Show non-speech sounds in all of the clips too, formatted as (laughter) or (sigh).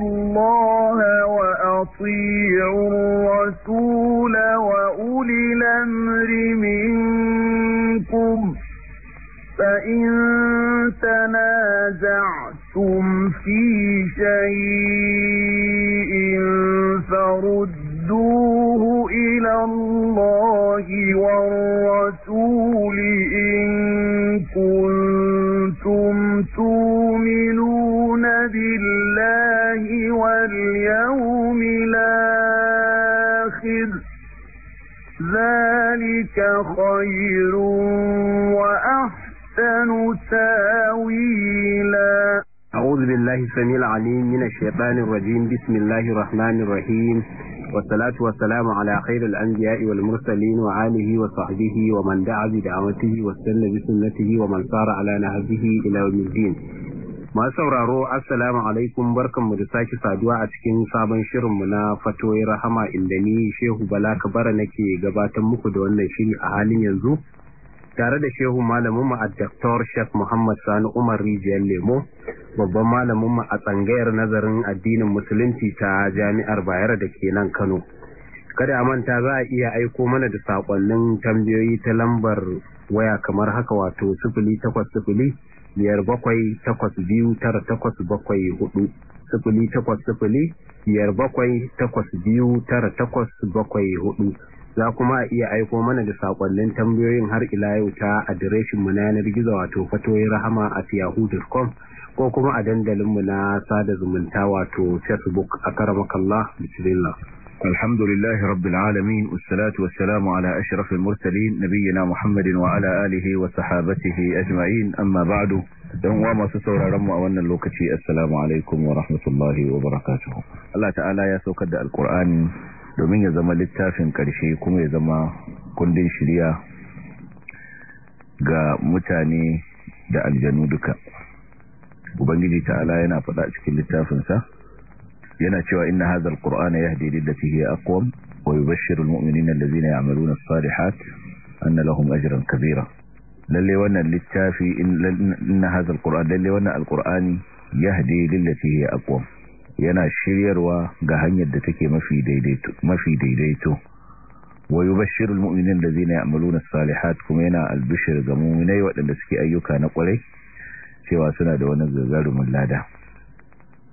اللَّهَ وَأَطِيعُوا الرَّسُولَ وَأُولِي الْأَمْرِ مِنكُمْ ۖ فَإِن تَنَازَعْتُمْ فِي شَيْءٍ فَرُدُّوهُ إِلَى اللَّهِ وَالرَّسُولِ إِن كُنتُمْ تُؤْمِنُونَ بِاللَّهِ الله واليوم الآخر ذلك خير وأحسن تاويلا أعوذ بالله السميع العليم من الشيطان الرجيم بسم الله الرحمن الرحيم والصلاة والسلام على خير الأنبياء والمرسلين وآله وصحبه ومن دعا بدعوته واستنى بسنته ومن سار على نهجه إلى يوم الدين masu sauraro assalamu alaikum barkanmu da sake saduwa a cikin sabon shirinmu na fatoyi rahama inda ni shehu bala kabara nake gabatar muku da wannan shiri a halin yanzu tare da shehu malamin a Dr. Sheikh Muhammad Sani Umar Rijiyar Lemo babban malamin a tsangayar nazarin addinin musulunci ta Jami'ar Bayero da ke nan Kano kada a manta za a iya aiko mana da saƙonnin tambayoyi ta lambar waya kamar haka wato sifili sifili biyar bakwai takwas biyu tara takwas bakwai hudu sifili takwas sifili biyar bakwai takwas biyu tara takwas bakwai hudu za kuma a iya aiko mana da sakonnin tambayoyin har ila yau ta adireshin mu na yanar gizo wato fatoyi rahama a yahoo.com ko kuma a dandalinmu na sada zumunta wato facebook a karamakallah bismillah الحمد لله رب العالمين والصلاة والسلام على أشرف المرسلين نبينا محمد وعلى آله وصحابته أجمعين أما بعد دعوا ما سسورا رموا أولنا اللوكتي السلام عليكم ورحمة الله وبركاته الله تعالى يسوكد القرآن domin ya zama littafin ƙarshe kuma ya zama kundin shirya ga mutane da aljanu duka ubangiji ta'ala yana faɗa cikin littafinsa yana cewa inna hadha alqur'ana yahdi lillati hiya aqwam wa yubashshiru almu'minina allazina ya'maluna as-salihat anna lahum ajran kabira lalle wannan littafi inna hadha alqur'an lalle wannan alqur'ani yahdi lillati hiya aqwam yana shiryarwa ga hanyar da take mafi daidaito mafi daidaito wa yubashshiru almu'minina allazina ya'maluna as-salihat kuma yana albishir ga mu'minai waɗanda suke ayyuka na kwarai cewa suna da wani gagarumin lada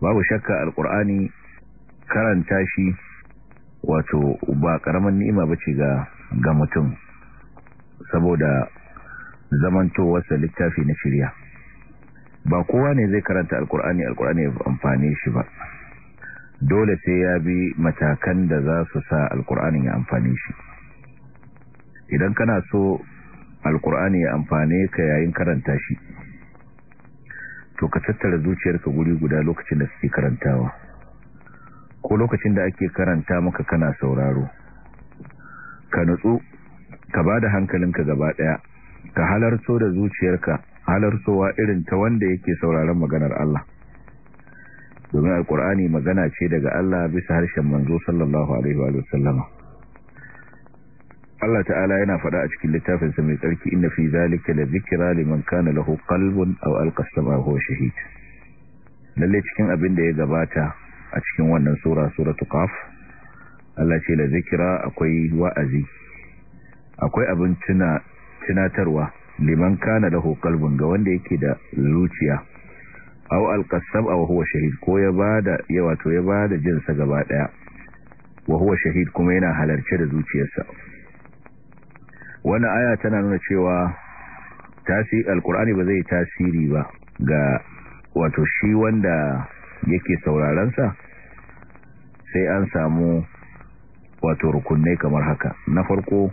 babu shakka alkur'ani karanta shi wato ba karaman ni'ima bace ga ga mutum saboda zamantowarsa littafi na shirya ba kowa ne zai karanta alkur'ani alkur'ani ya amfane shi ba dole sai ya bi matakan da za su sa alkur'ani ya amfane shi idan kana so alkur'ani ya amfane ka yayin karanta shi to ka tattara zuciyarka guri guda lokacin da suke karantawa ko lokacin da ake karanta maka kana sauraro ka nutsu ka ba da hankalinka gaba daya ka halarto da zuciyarka halartowa irin ta wanda yake sauraron maganar Allah domin alkur'ani magana ce daga Allah bisa harshen manzo sallallahu alaihi wa sallama Allah ta'ala yana faɗa a cikin littafin sa mai tsarki inna fi zalika la zikra liman kana lahu qalbun aw alqa sam'a huwa shahid lalle cikin abin da ya gabata a cikin wannan sura suratul qaf Allah ce la zikra akwai wa'azi akwai abin tuna tunatarwa liman kana lahu qalbun ga wanda yake da zuciya aw alqa sam'a huwa shahid ko ya bada ya wato ya bada jinsa gaba daya wa huwa shahid kuma yana halarce da zuciyarsa Wani aya tana nuna cewa tasiri alkur'ani ba zai tasiri ba ga wato shi wanda yake saurarensa sai an samu wato rukunai kamar haka na farko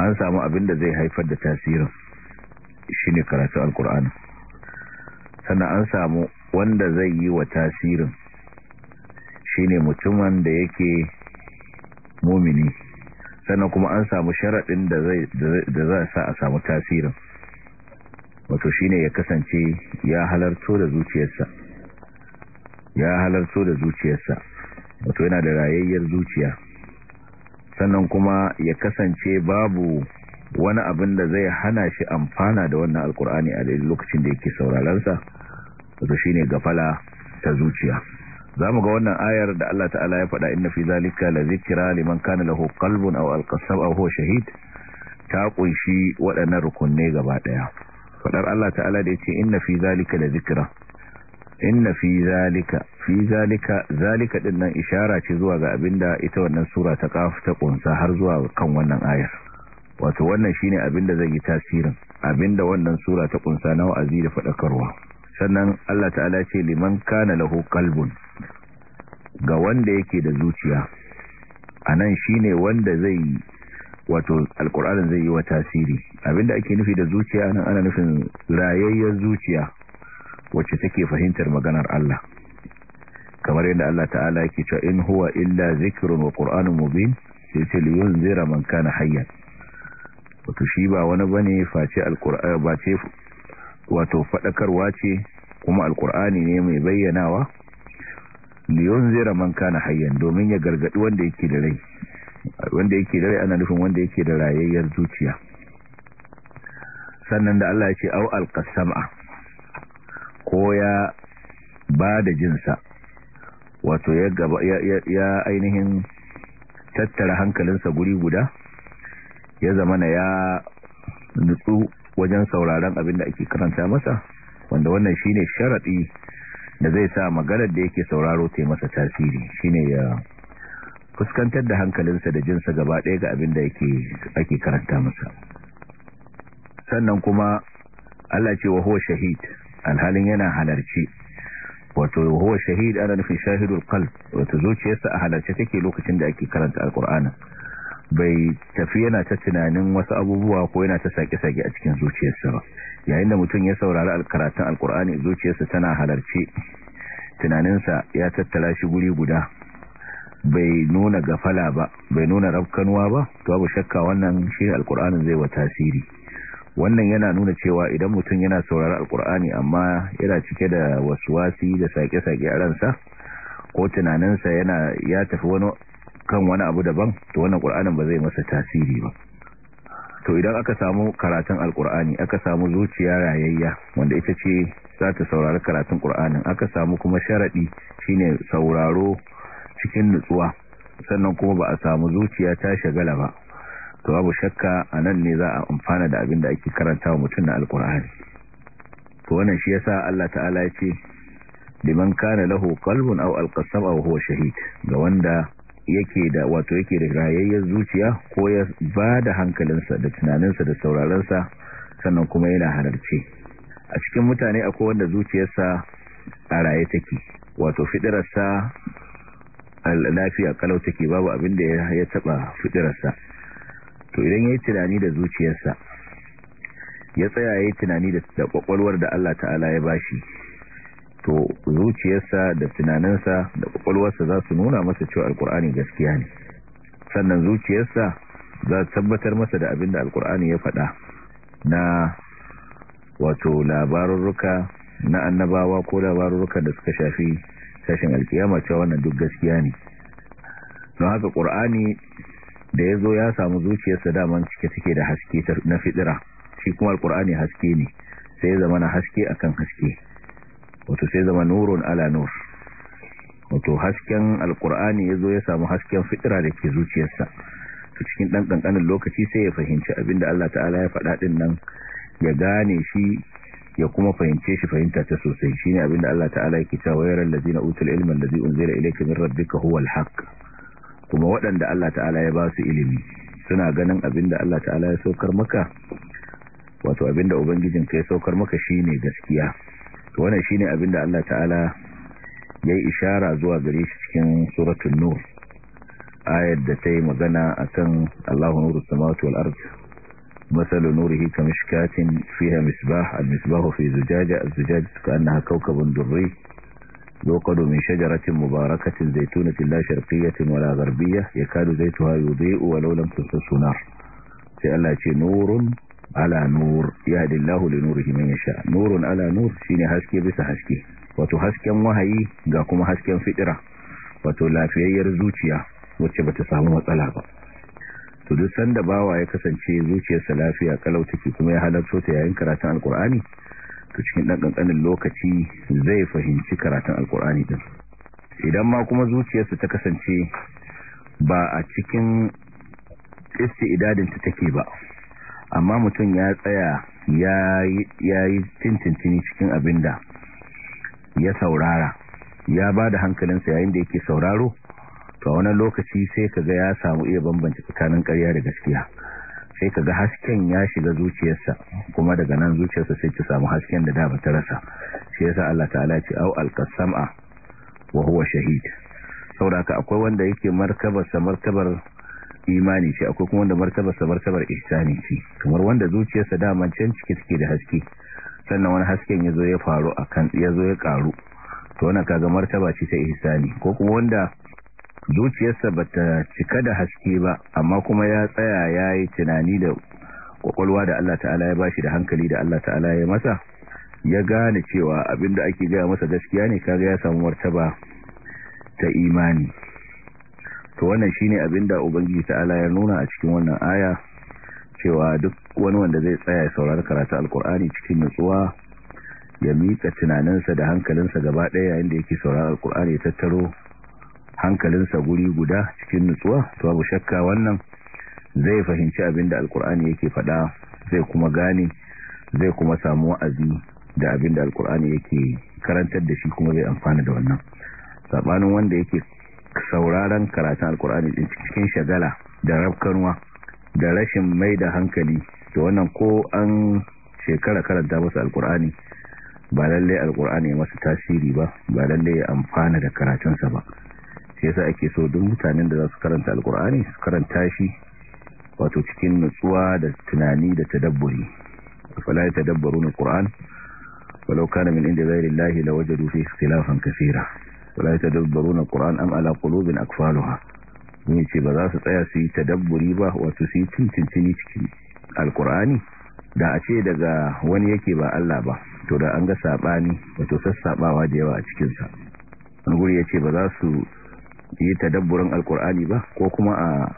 an samu abin da zai haifar da tasirin shi ne karatu alkur'ani sannan an samu wanda zai yi wa tasirin shi ne mutumin da yake mumini sannan kuma an samu sharaɗin da za sa a samu tasirin wato ne ya kasance ya halarto da zuciyarsa ya halarto da zuciyarsa wato yana da rayayyar zuciya sannan kuma ya kasance babu wani abin da zai hana shi amfana da wannan alkur'ani a lokacin da yake sauraronsa wato shi ne gafala ta zuciya zamu ga wannan ayar da Allah ta'ala ya faɗa inna fi zalika la zikra liman kana lahu qalbun aw alqasab aw huwa shahid ta kunshi waɗannan rukunne gaba daya fadar Allah ta'ala da yace inna fi zalika la zikra inna fi zalika fi zalika zalika din nan ishara ce zuwa ga abinda ita wannan sura ta kaf ta kunsa har zuwa kan wannan ayar wato wannan shine abinda zai yi tasirin abinda wannan sura ta kunsa na wa'azi da fadakarwa sannan Allah ta'ala ce liman kana lahu kalbun ga wanda yake da zuciya anan shine wanda zai wato alkur'anin zai yi wa tasiri abinda ake nufi da zuciya nan ana nufin rayayyar zuciya wacce take fahimtar maganar Allah kamar yadda Allah ta'ala yake cewa in huwa illa zikrun wa qur'anun mubin sai ce liyunzira man kana hayyan wato shi ba wani bane face alqur'an ba ce wato faɗakarwa ce kuma alkur'ani ne mai bayyanawa liyon zira man kana hayyan domin ya gargaɗi wanda yake da rai wanda yake da rai ana nufin wanda yake da rayayyar zuciya sannan da Allah ya ce au alqasama ko ya ba da jinsa wato ya gaba ya ainihin tattara hankalinsa guri guda ya zama na ya nutsu wajen sauraron abin da ake karanta masa wanda wannan shine sharadi da zai sa maganar da yake sauraro ta masa tasiri shine ya fuskantar da hankalinsa da jinsa gaba ɗaya ga abin da ake karanta masa sannan kuma Allah ce wa huwa shahid alhalin yana halarci wato huwa shahid ana nufin shahidul qalb wato zuciyarsa a halarci take lokacin da ake karanta alqur'ani bai tafi yana ta tunanin wasu abubuwa ko yana ta sake-sake a cikin zuciyarsa ba yayin da mutum ya saurari karatun alkur'ani zuciyarsa tana halarci tunaninsa ya tattala shi guri guda bai nuna gafala ba bai nuna rafkanuwa ba to abu shakka wannan shi alkur'anin zai wa tasiri wannan yana nuna cewa idan mutum yana saurari alkur'ani amma yana cike da wasu wasi da sake-sake a ransa ko tunaninsa yana ya tafi wani kan wani abu daban to wannan qur'anin ba zai masa tasiri ba to idan aka samu karatun alkur'ani aka samu zuciya rayayya wanda ita ce za ta saurari karatun qur'anin aka samu kuma sharadi shine sauraro cikin nutsuwa sannan kuma ba a samu zuciya ta shagala ba to babu shakka anan ne za a amfana da abin da ake karanta wa mutum na alkur'ani to wannan shi yasa Allah ta'ala ya ce liman kana lahu qalbun aw alqasam aw huwa shahid ga wanda yake da wato yake da rayayyar zuciya ko ya ba da hankalinsa da tunaninsa da sauraronsa sannan kuma yana halarci a cikin mutane akwai wanda zuciyarsa a raye take wato fidirarsa lafiya kalau take babu abin da ya taba fidirarsa to idan ya yi tunani da zuciyarsa ya tsaya ya yi tunani da kwakwalwar da Allah ta'ala ya bashi to zuciyarsa da tunaninsa da kwakwalwarsa za su nuna masa cewa alkur'ani gaskiya ne sannan zuciyarsa za su tabbatar masa da abin da alkur'ani ya faɗa na wato labarurruka na annabawa ko labarurruka da suka shafi sashen alkiyama cewa wannan duk gaskiya ne don haka ƙur'ani da ya zo ya samu zuciyarsa daman cike take da haske na fitira shi kuma alkur'ani haske ne sai ya zama na haske akan haske wato sai zama nurun ala nur wato hasken alkur'ani ya zo ya samu hasken fitira da ke zuciyarsa to cikin ɗan ƙanƙanin lokaci sai ya fahimci abinda Allah ta'ala ya faɗa ɗin nan ya gane shi ya kuma fahimce shi fahimta ta sosai shine abinda Allah ta'ala yake cewa yaran ladina utul ilma zai unzila ilayka min rabbika huwa alhaq kuma waɗanda Allah ta'ala ya ba su ilimi suna ganin abinda Allah ta'ala ya saukar maka wato abinda ubangijin ka ya saukar maka shine gaskiya wannan shine abin da Allah ta'ala ya yi ishara zuwa gare shi cikin suratul nur ayar da ta yi magana akan Allahu nuru samawati wal ard masalu nurihi kamishkatin fiha misbah al-misbah fi zujaja az-zujajatu ka'annaha kawkabun durri يوقد من شجرة مباركة زيتونة لا شرقية ولا غربية يكاد زيتها يضيء ولو لم تسس نار سألا نور ala nur ya dillahu li sha. man yasha nurun ala nur shine haske bisa haske wato hasken wahayi ga kuma hasken fitira wato lafiyayyar zuciya wacce bata samu matsala ba to duk sanda bawa ya kasance zuciyarsa lafiya kalau take kuma ya halarto ta yayin karatun alkur'ani to cikin dan kankanin lokaci zai fahimci karatun alkur'ani din idan ma kuma zuciyarsa ta kasance ba a cikin istidadin ta take ba amma mutum ya tsaya ya yi cincincini cikin abin da ya saurara ya ba da hankalinsa yayin da yake sauraro to wani lokaci sai kaga ya samu iya bambanci tsakanin karya da gaskiya sai kaga hasken ya shiga zuciyarsa kuma daga nan zuciyarsa sai ta samu hasken da da ta rasa shi yasa Allah ta'ala ce au alqasama wa huwa shahid saboda akwai wanda yake markabar martabar markabar imani ce akwai kuma wanda martabarsa martabar ihsani ce kamar wanda zuciyarsa dama can cike take da haske sannan wani hasken ya zo ya faru akan ya zo ya karu to wannan kaga martaba ce ta ihsani ko kuma wanda zuciyarsa bata cika da haske ba amma kuma ya tsaya yayi tunani da kwakwalwa da Allah ta'ala ya bashi da hankali da Allah ta'ala ya masa ya gane cewa abinda ake gaya masa gaskiya ne kaga ya samu martaba ta imani to wannan shine da ubangiji ta'ala ya nuna a cikin wannan aya cewa duk wani wanda zai tsaya ya saurari karatu alkur'ani cikin nutsuwa ya miƙa tunaninsa da hankalinsa gaba ɗaya yayin da yake saurari alkur'ani ya tattaro hankalinsa guri guda cikin nutsuwa to babu shakka wannan zai fahimci abin da alkur'ani yake faɗa zai kuma gane zai kuma samu wa'azi da abinda alkur'ani yake karantar da shi kuma zai amfana da wannan sabanin wanda yake sauraron karatun alkur'ani din cikin shagala da rabkanwa da rashin mai da hankali da wannan ko an shekara karanta masa alkur'ani ba lalle alkur'ani masu tasiri ba ba lalle ya amfana da karatunsa ba shi yasa ake so duk mutanen da za su karanta alkur'ani su karanta shi wato cikin nutsuwa da tunani da tadabburi fala yatadabbaruna alqur'an walau kana min inda ghayri allahi lawajadu fi ikhtilafan kaseera wala ta tadabbaruna qur'an am ala qulubin akfaluha ne ce ba za su tsaya su yi tadabburi ba wato su yi cincincini cikin alqur'ani da a ce daga wani yake ba Allah ba to da an ga sabani wato sassaɓawa da yawa a cikin sa wani guri yace ba za su yi tadabburin alqur'ani ba ko kuma a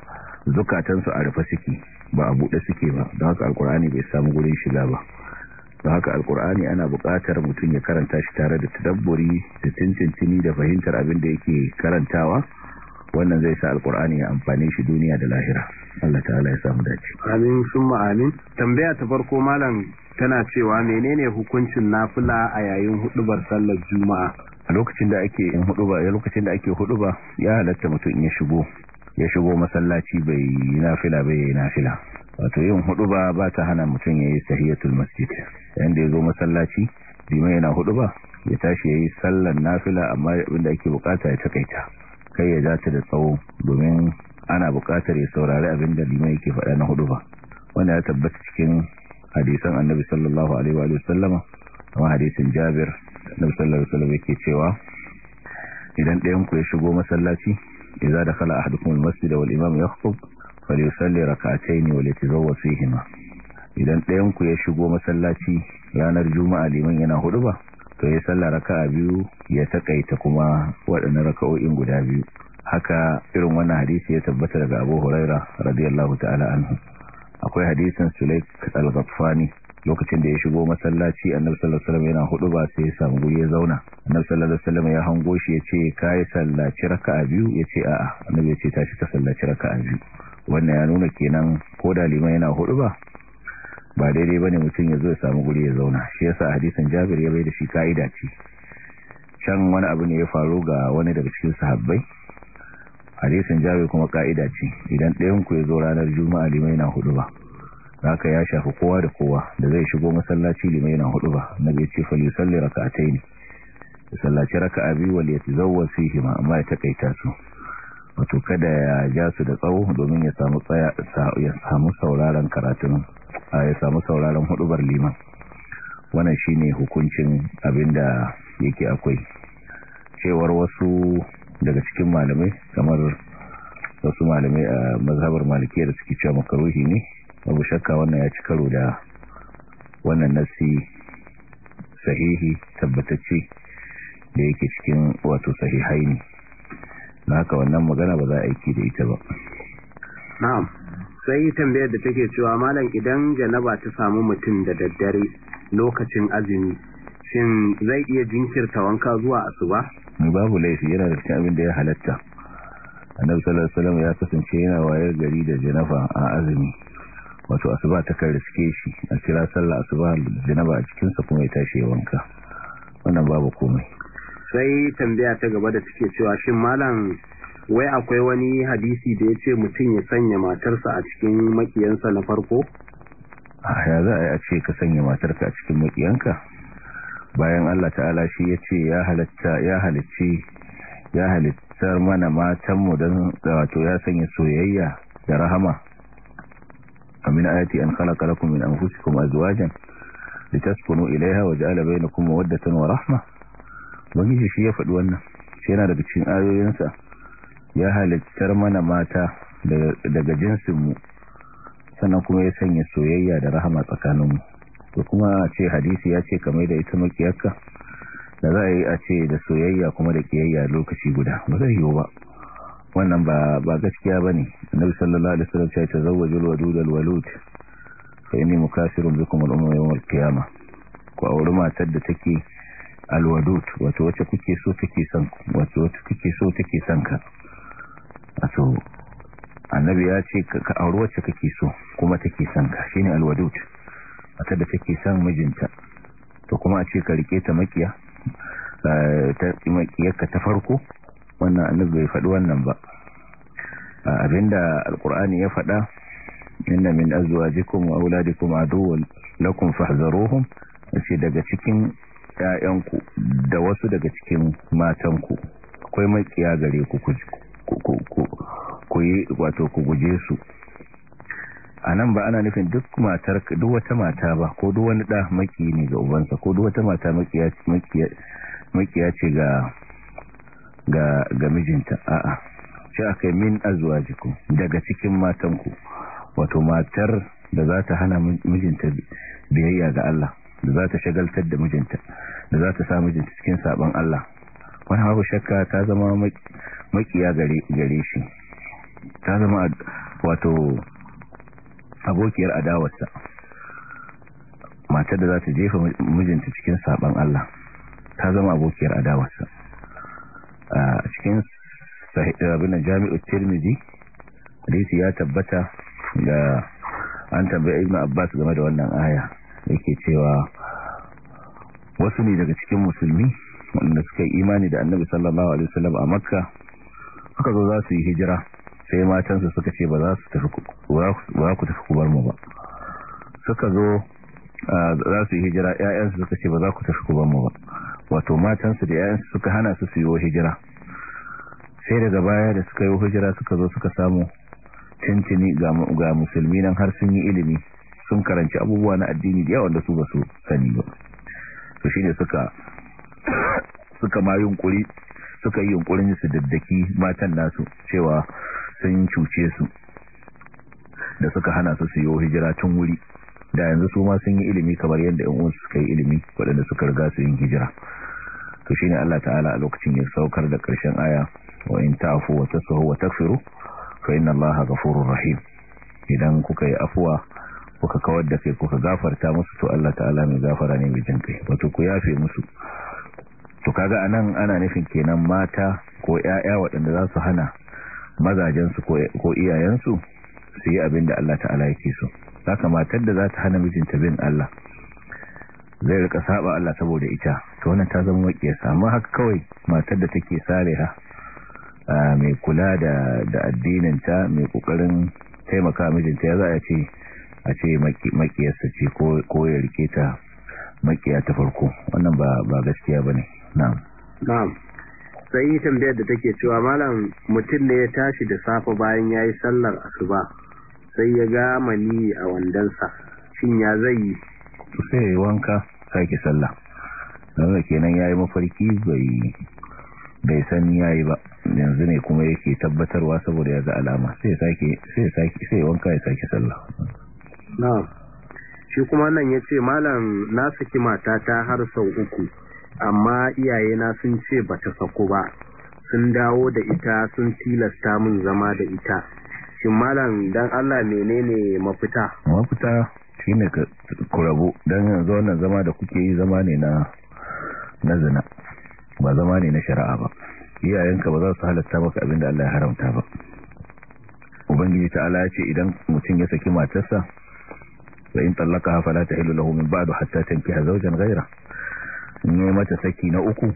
zukatansu a rufe suke ba a buɗe suke ba don haka alkur'ani bai samu gurin shiga ba da haka alkur'ani ana buƙatar mutum ya karanta shi tare da tadabburi da tuntuntuni da fahimtar abin da yake karantawa wannan zai sa alkur'ani ya amfane shi duniya da lahira Allah ta'ala ya samu dace amin summa amin tambaya ta farko malam tana cewa menene hukuncin nafila a yayin hudubar sallar juma'a a lokacin da ake in ya lokacin da ake huduba ya halatta mutum ya shigo ya shigo masallaci bai yi nafila bai yi nafila wato yin hudu ba ba ta hana mutum ya yi sahiyatul masjid da ya zo masallaci dima yana hudu ba ya tashi ya yi sallan nafila amma abinda ake bukata ya takaita kai ya zata da tsawo domin ana bukatar ya saurari abinda dima yake faɗa na hudu ba wanda ya tabbata cikin hadisan annabi sallallahu alaihi wa sallama kuma hadisin jabir annabi sallallahu alaihi wa sallam yake cewa idan ɗayan ku ya shigo masallaci idza dakhala ahadukum al-masjid wal imam yakhutub falyusalli rak'atayn wa yatazawwaj fihima idan ɗayan ku ya shigo masallaci ranar juma'a liman yana ba to ya salla raka'a biyu ya takaita kuma waɗannan raka'o'in guda biyu haka irin wannan hadisi ya tabbata daga Abu Huraira radiyallahu ta'ala anhu akwai hadisin Sulaik al-Ghaffani lokacin da ya shigo masallaci annabi sallallahu alaihi wasallam yana hudu ba sai ya samu guri ya zauna annabi sallallahu alaihi wasallam ya hango shi yace kai sallaci raka'a biyu yace a'a annabi yace tashi ka sallaci raka'a biyu wannan ya nuna kenan ko da liman yana hudu ba ba daidai bane mutum ya zo ya samu guri ya zauna shi yasa hadisin Jabir ya bai da shi kaida ce can wani abu ne ya faru ga wani daga cikin sahabbai hadisin Jabir kuma kaida ce idan ɗayan ku ya zo ranar Juma'a liman yana hudu ba haka ya shafi kowa da kowa da zai shigo masallaci limai na hudu ba bai ce fa yusalli da sallaci raka'a biyu zauwa su yi ma amma ya takaita su wato kada ya ja su da tsawo domin ya samu sauraron karatun ya samu sauraron hudubar liman wannan shine hukuncin abin da yake akwai cewar wasu daga cikin malamai kamar wasu malamai a mazhabar malikiyar da suke cewa makaruhi ne babu shakka wannan ya ci karo da wannan nasi sahihi tabbatacce da yake cikin wato sahihai ne na haka wannan magana ba za a aiki da ita ba na'am sai tambayar da take cewa malam idan janaba ta samu mutum da daddare lokacin azumi shin zai iya jinkirta wanka zuwa asuba babu laifi yana da cikin abin da ya halatta annabi sallallahu alaihi ya kasance yana wayar gari da janaba a azumi wato asuba ta kan riske shi a kira sallah asuba janaba a cikinsa kuma ya tashi ya wanka wannan babu komai sai tambaya ta gaba da take cewa shin malam wai akwai wani hadisi da ya ce mutum ya sanya matarsa a cikin makiyansa na farko ya za a ce ka sanya matarka a cikin makiyanka bayan Allah ta'ala shi ya ce ya halatta ya halicci ya halittar mana matanmu don wato ya sanya soyayya da rahama amin ayati an khalaqa lakum min anfusikum azwajan litaskunu ilaiha na kuma wadda mawaddatan wa rahma wani shi ya faɗi wannan shi yana daga cikin ayoyinsa ya halittar mana mata daga jinsinmu sannan kuma ya sanya soyayya da rahama tsakaninmu da kuma ce hadisi ya ce kamar da ita makiyarka da za a yi a ce da soyayya kuma da kiyayya lokaci guda ba zai yiwu ba wannan ba ba ne bane annabi sallallahu alaihi wasallam ya ce zawwajul wadud al walud fa inni mukasirun bikum al umma yawm al qiyamah ku auri matar da take al wato wacce kuke so take san wato wacce kuke so take san ka wato annabi ya ce ka auri wacce kake so kuma take san ka shine al wadud matar da take san mijinta to kuma a ce ka rike ta makiya eh, ta makiyarka ta farko wannan annabi bai faɗi wannan ba abinda alkur'ani ya faɗa inna min azwajikum wa auladikum aduwwan lakum fahdharuhum sai daga cikin ƴaƴanku da wasu daga cikin matanku akwai makiya gare ku ku yi wato ku guje su a nan ba ana nufin duk matar duk wata mata ba ko duk wani da maki ne ga ubansa ko duk wata mata makiya ce ga ga ga mijinta a'a shi aka yi min azwajikum daga cikin matanku wato matar da za ta hana mijinta biyayya ga Allah da za ta shagaltar da mijinta da za ta sa mijinta cikin sabon Allah wani haku shakka ta zama makiya gare shi ta zama wato abokiyar adawarsa matar da za ta jefa mijinta cikin sabon Allah ta zama abokiyar adawarsa a cikin abin jami'u tirmidhi hadisi ya tabbata da an tambaye ibnu abbas game da wannan aya yake cewa wasu ne daga cikin musulmi wanda suka yi imani da annabi sallallahu alaihi wasallam a makka suka zo za su yi hijira sai matansu suka ce ba za su tafi ku ba ku tafi ku mu ba suka zo Ah, za su yi hijira yayansu suka ce ba za ku tafi ku ba mu ba wato matansu da ƴaƴansu suka hana su su yi hijira sai daga baya da suka yi hijira suka zo suka samu cincini ga musulmi nan har sun yi ilimi sun karanci abubuwa na addini da yawan da su ba su sani ba su shi suka suka ma yunkuri suka yi yunkurin su daddaki matan nasu cewa sun cuce su da suka hana su su yi hijira tun wuri da yanzu su ma sun yi ilimi kamar yadda yan uwansu suka yi ilimi waɗanda suka riga su yin hijira to shine Allah ta'ala a lokacin ya saukar da ƙarshen aya wa in ta'fu wa tasfahu wa taghfiru fa inna Allaha ghafurur rahim idan kuka yi afuwa kuka kawar da kai kuka gafarta musu to Allah ta'ala mai gafara ne mai jinkai wato ku yafe musu to kaga anan ana nufin kenan mata ko 'ya'ya waɗanda za su hana mazajensu ko iyayensu su yi abin da Allah ta'ala yake so haka matar da za ta hana mijinta bin Allah zai rika saba Allah saboda ita to wannan ta zama makiyasa amma haka kawai matar da take sareha mai kula da da addininta mai kokarin taimaka mijinta ya za a ce a ce makiyarsa ce ko ya rike ta makiya ta farko wannan ba ba gaskiya bane na'am na'am sai tambayar da take cewa malam mutum ne ya tashi da safe bayan ya yi sallar asuba sai ya ga mani a wandansa shin ya zai yi sai wanka sake sallah da kenan yi mafarki bai sani ya yi ba yanzu ne kuma yake tabbatarwa saboda ya za alama sai sake sai wanka ya sake sallah Na shi kuma nan ya ce malam na saki matata har sau uku amma iyayena sun ce ba ta sako ba sun dawo da ita sun tilasta mun zama da ita shin malam dan Allah menene mafita mafita shine ku kurabu dan yanzu wannan zama da kuke yi zama ne na na zina ba zama ne na shari'a ba iyayenka ba za su halatta maka abinda Allah ya haramta ba ubangiji ta ya ce idan mutum ya saki matarsa wa in tallaka ta tahillu lahu min ba'du hatta tankiha zawjan ghayra ne mata saki na uku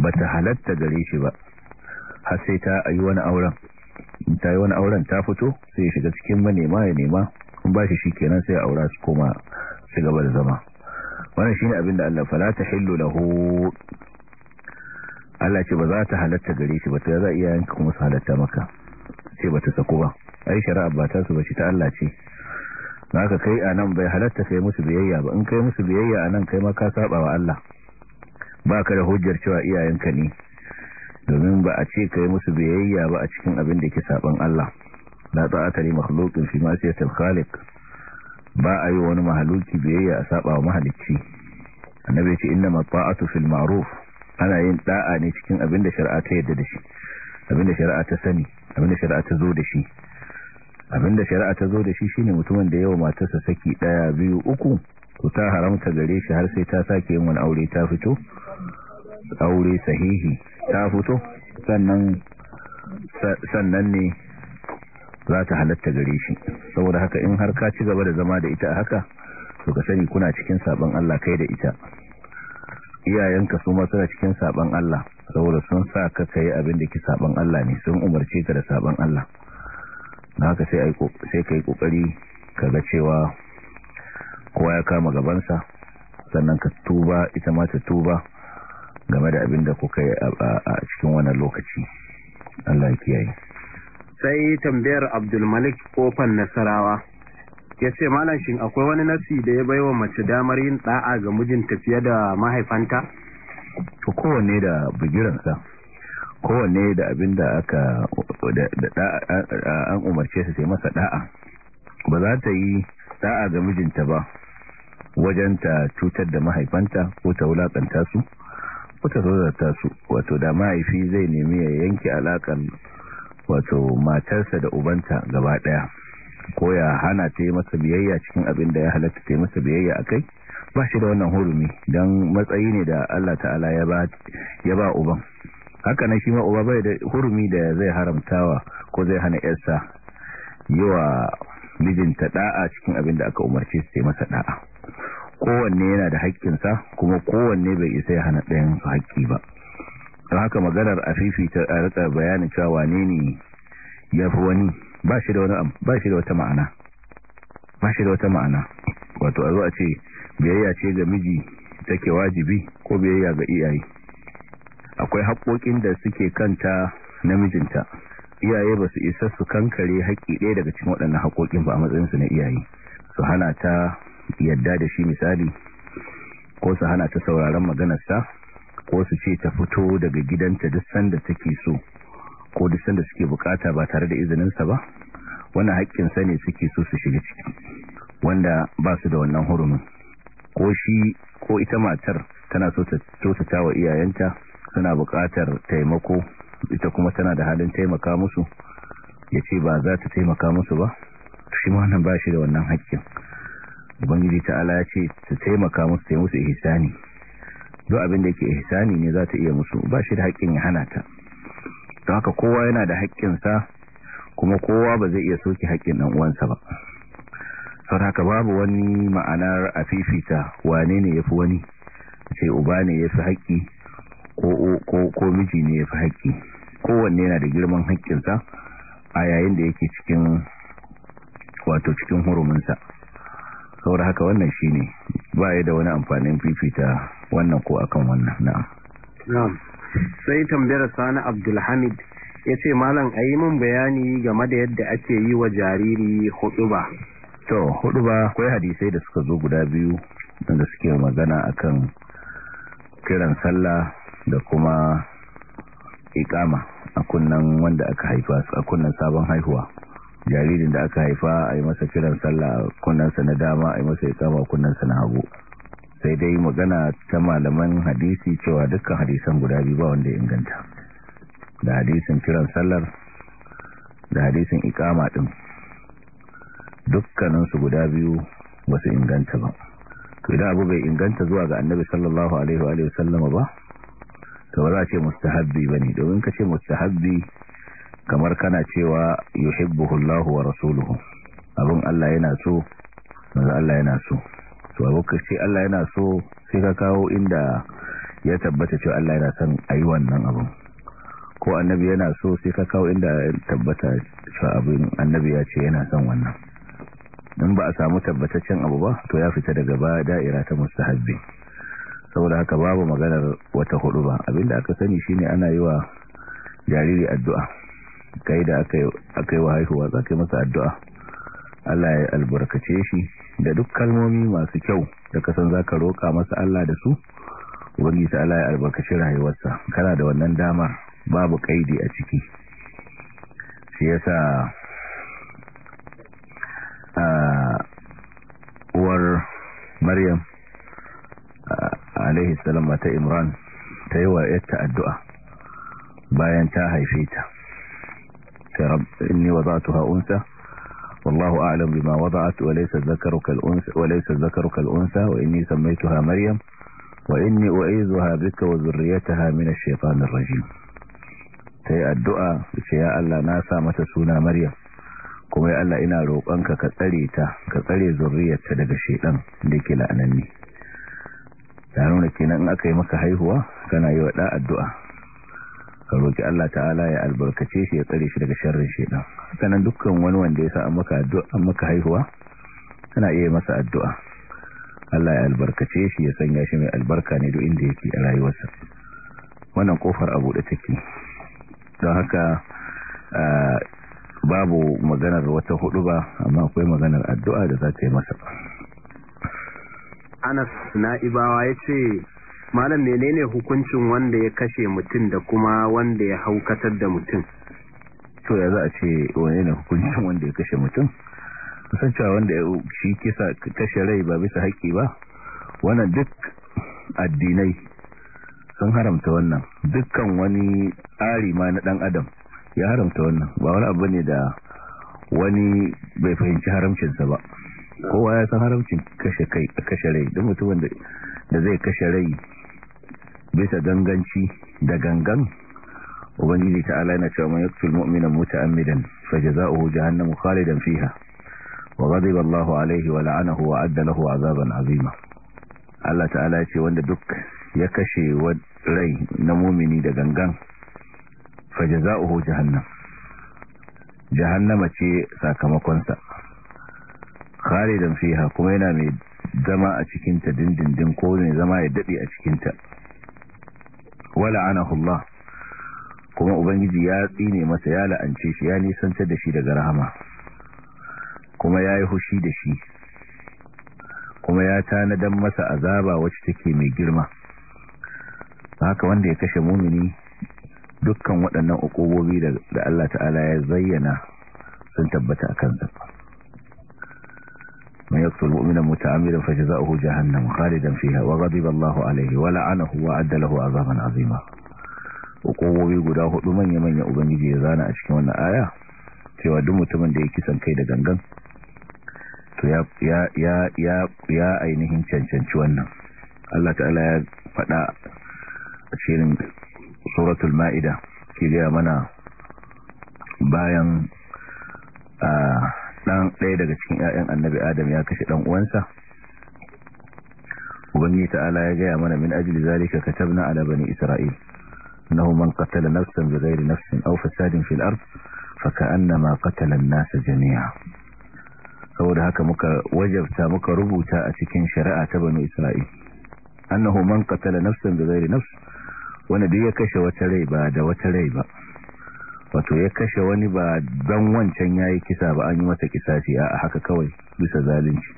bata halatta gare shi ba har sai ta ayi wani auren ta yi wani auren ta fito sai shiga cikin manema ya nema in ba shi shikenan sai aura su koma su gaba da zama wannan shine abin da Allah fala ta hillu lahu Allah ce ba za ta halatta gare shi ba ta za iya yanka kuma su halatta maka ce ba ta sako ba ai shari'a ba ta su ba ta Allah ce haka kai anan bai halatta kai musu biyayya ba in kai musu biyayya anan kai ma ka saba wa Allah ba ka da hujjar cewa iyayenka ne domin ba a ce kai musu biyayya ba a cikin abin da ke saban Allah la ta'ata li makhluqin fi ma'siyatil khaliq ba a yi wani mahaluki biyayya a saba wa mahalicci annabi ce inna ta'atu fil ma'ruf ana yin da'a ne cikin abin da shari'a ta yarda da shi abin da shari'a ta sani abin da shari'a ta zo da shi abin da shari'a ta zo da shi shine mutumin da yawa matarsa saki daya biyu uku to ta haramta gare shi har sai ta sake yin wani aure ta fito aure sahihi ta fito sannan sannan ne za ta halatta gare shi saboda haka in har ka ci gaba da zama da ita haka to ka sani kuna cikin sabon Allah kai da ita iyayenka su ma suna cikin sabon Allah saboda sun sa ka kai abin da ke sabon Allah ne sun umarce ka da sabon Allah na haka sai ai sai kai kokari kaga cewa kowa ya kama gabansa sannan ka tuba ita ma ta tuba game da abin da kuka yi a cikin wannan lokaci Allah ya kiyaye sai tambayar Abdulmalik kofan Nasarawa ya ce malam shin akwai wani nasi da ya baiwa mace damar yin da'a ga mijinta fiye da mahaifanta to kowanne da bugiransa kowanne da abin da aka an umarce su sai masa da'a ba za ta yi da'a ga mijinta ba wajen ta cutar da mahaifanta ko ta wulakanta su kuka tozarta su wato da mahaifi zai nemi ya yanke alakan wato matarsa da ubanta gaba daya ko ya hana ta yi masa biyayya cikin abin da ya halatta ta yi masa biyayya a kai ba shi da wannan hurumi don matsayi ne da Allah ta'ala ya ba uban haka na shi ma uba bai da hurumi da zai haramtawa ko zai hana yarsa yi wa mijinta da'a cikin abin da aka umarce su yi masa da'a kowanne yana da haƙƙinsa kuma kowanne bai isa ya hana ɗayan su haƙƙi ba don haka maganar a fifita a rika bayanin cewa wane ne ya fi wani ba shi da wata ma'ana ba shi da wata ma'ana wato a zo ce biyayya ce ga miji take wajibi ko biyayya ga iyaye akwai haƙoƙin da suke kanta namijinta iyaye ba su isa su kankare haƙƙi ɗaya daga cikin waɗannan haƙoƙin ba a matsayinsu na iyaye su hana ta yadda da shi misali ko su hana ta sauraron maganarsa ko su ce ta fito daga gidanta duk sanda take so ko duk sanda suke bukata ba tare da izininsa ba wannan haƙƙinsa ne suke so su shiga ciki wanda ba su da wannan hurumin ko shi ko ita matar tana so ta kyautata wa iyayenta suna bukatar taimako ita kuma tana da halin taimaka musu ya ce ba za ta taimaka musu ba shi ma nan ba shi da wannan haƙƙin ubangiji ta'ala ya ce su taimaka musu ta musu ihsani duk abin da yake ihsani ne za ta iya musu ba shi da haƙƙin ya hana ta don haka kowa yana da haƙƙinsa kuma kowa ba zai iya soke haƙƙin ɗan uwansa ba sau haka babu wani ma'anar a fifita wane ne ya wani sai uba ne yafi fi haƙƙi ko miji ne yafi fi haƙƙi kowanne yana da girman haƙƙinsa a yayin da yake cikin wato cikin huruminsa saboda haka wannan shine ba ya da wani amfanin fifita wannan ko akan wannan na sai tambayar sani abdulhamid ya ce malam a yi min bayani game da yadda ake yi wa jariri ba to ba akwai hadisai da suka zo guda biyu da suke magana akan kiran sallah da kuma ikama a kunnan wanda aka haifa a kunnan sabon haihuwa jaririn da aka haifa a yi masa kiran sallah kunnansa na dama a yi masa ikama kunnansa na hagu sai dai magana ta malaman hadisi cewa dukkan hadisan guda biyu ba wanda ya inganta da hadisin kiran sallar da hadisin ikama din dukkaninsu guda biyu ba su inganta ba to idan abu bai inganta zuwa ga annabi sallallahu alaihi wa sallama ba Ka ba za a ce mustahabbi ne domin ka ce mustahabbi kamar kana cewa yuhibbuhu wa rasuluhu abun Allah yana so manzo Allah yana so to lokaci Allah yana so sai ka kawo inda ya tabbata cewa Allah yana son ayi wannan abin ko annabi yana so sai ka kawo inda tabbata cewa abin annabi ya ce yana son wannan dan ba a samu tabbataccen abu ba to ya fita daga ba da'ira ta mustahabbi saboda haka babu maganar wata hudu ba abinda aka sani shine ana yi wa jariri addu'a kai da aka yi wa haihuwa za masa addu'a Allah ya albarkace shi da duk kalmomi masu kyau da kasan za ka roƙa masa Allah da su wani ta Allah ya albarkaci rayuwarsa kana da wannan dama? babu kaidi a ciki shi yasa a uwar maryam alaihi salam mata imran ta yi wa yadda addu'a bayan ta haife ta يا رب اني وضعتها انثى والله اعلم بما وضعت وليس ذكرك الانثى وليس ذكرك الانثى واني سميتها مريم واني اعيذها بك وذريتها من الشيطان الرجيم تي الدعاء يا الله ناسا متى سونا مريم kuma يا Allah انا roƙonka ka tsare ta ka شيئا zuriyarta daga shedan da yake la'ananni ya nuna هو كان aka أيوة، yi ka roƙi Allah ta'ala ya albarkace shi ya tsare shi daga sharrin shedan sanan dukkan wani wanda ya sa maka addu'a maka haihuwa kana iya masa addu'a Allah ya albarkace shi ya sanya shi mai albarka ne duk inda yake a rayuwarsa wannan kofar a buɗe take don haka babu maganar wata hudu ba amma akwai maganar addu'a da za ta yi masa anas na'ibawa yace malam menene hukuncin wanda ya kashe mutum da kuma wanda ya haukatar da mutum to ya za a ce wane ne hukuncin (laughs) wanda ya kashe mutum kusancewa wanda ya shi kisa kashe rai ba bisa haƙƙi ba wannan duk addinai sun haramta wannan dukkan wani tsari ma na ɗan adam ya haramta wannan ba wani abu ne da wani bai fahimci haramcinsa ba kowa ya san haramcin kashe kai kashe rai duk mutumin da zai kashe rai bisa ganganci da gangan ubangiji ta'ala yana cewa man yaqtul mu'mina muta'ammidan fajaza'uhu jahannamu khalidan fiha wa ghadiba Allahu alayhi wa la'anahu wa adda lahu 'azaban 'azima Allah ta'ala ya ce wanda duk ya kashe rai na mumini da gangan fajaza'uhu jahannam jahannama ce sakamakonsa khalidan fiha kuma yana mai zama a cikinta dindindin ko ne zama ya dade a cikinta wala anahullah kuma ubangiji ya tsine masa ya la'ance shi ya nisanta da shi daga rahama kuma ya yi hushi da shi kuma ya tanadan masa azaba wacce take mai girma haka wanda ya kashe mumini dukkan waɗannan ukubobi da Allah ta'ala ya zayyana sun tabbata a kan zafa من يقتل مؤمنا متعمدا فجزاؤه جهنم خالدا فيها وغضب الله عليه ولعنه وعد له عذابا عظيما hukumomi guda hudu manya-manya ubangiji ya zana a cikin wannan aya cewa duk mutumin da ya kisan kai da gangan to ya ainihin cancanci wannan Allah ta'ala ya faɗa a cikin suratul ma'ida ke mana bayan a dan ɗaya daga cikin ƴaƴan annabi adam ya kashe dan uwansa ubangi ta'ala ya gaya mana min ajli zalika katabna ala bani isra'il annahu man qatala nafsan bighairi nafsin aw fasadin fil ard faka'annama qatala an-nasa jami'a saboda haka muka wajabta muka rubuta a cikin shari'a ta bani isra'il annahu man qatala nafsan bighairi nafs wanda duk ya kashe wata rai ba da wata rai ba wato ya kashe wani ba don wancan ya yi kisa ba an yi mata kisa kisasi a haka kawai bisa zalunci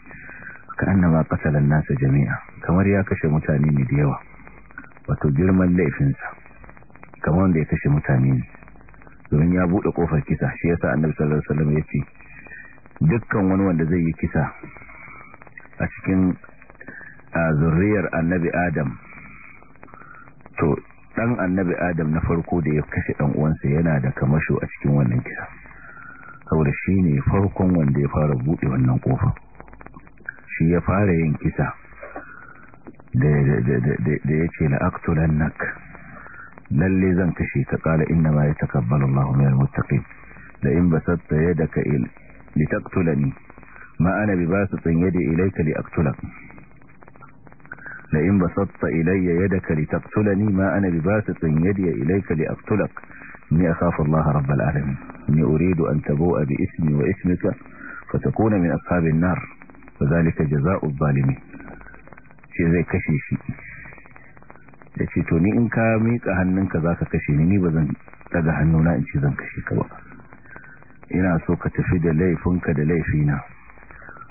ka annaba kasalan nasa jami'a kamar ya kashe mutane ne da yawa wato girman laifinsa kamar wanda ya kashe mutane ne domin ya buɗe ƙofar kisa shi yasa annabi sallallahu alaihi wasallam ya ce dukkan wani wanda zai yi kisa a cikin zurriyar annabi adam to dan annabi adam na farko da ya kashe dan uwansa yana da kamasho a cikin wannan kisa saboda shine farkon wanda ya fara buɗe wannan kofa shi ya fara yin kisa da ya ce la nak lalle zan kashe ta kala inna ma yataqabbalu takabbalu Allah min almuttaqin la in basatta yadaka il litaqtulani ma ana bi yadi ilayka liaqtulak لئن بسطت إلي يدك لتقتلني ما أنا بباسط يدي إليك لأقتلك إني أخاف الله رب العالمين إني أريد أن تبوء بإسمي وإسمك فتكون من أصحاب النار وذلك جزاء الظالمين شيء زي كشيشي شيء توني إن كامي كهنن كذاك كشي مني بذن تدع إن شيء زن كشي كوا إنا سوك تفيد ليفن كد ليفينا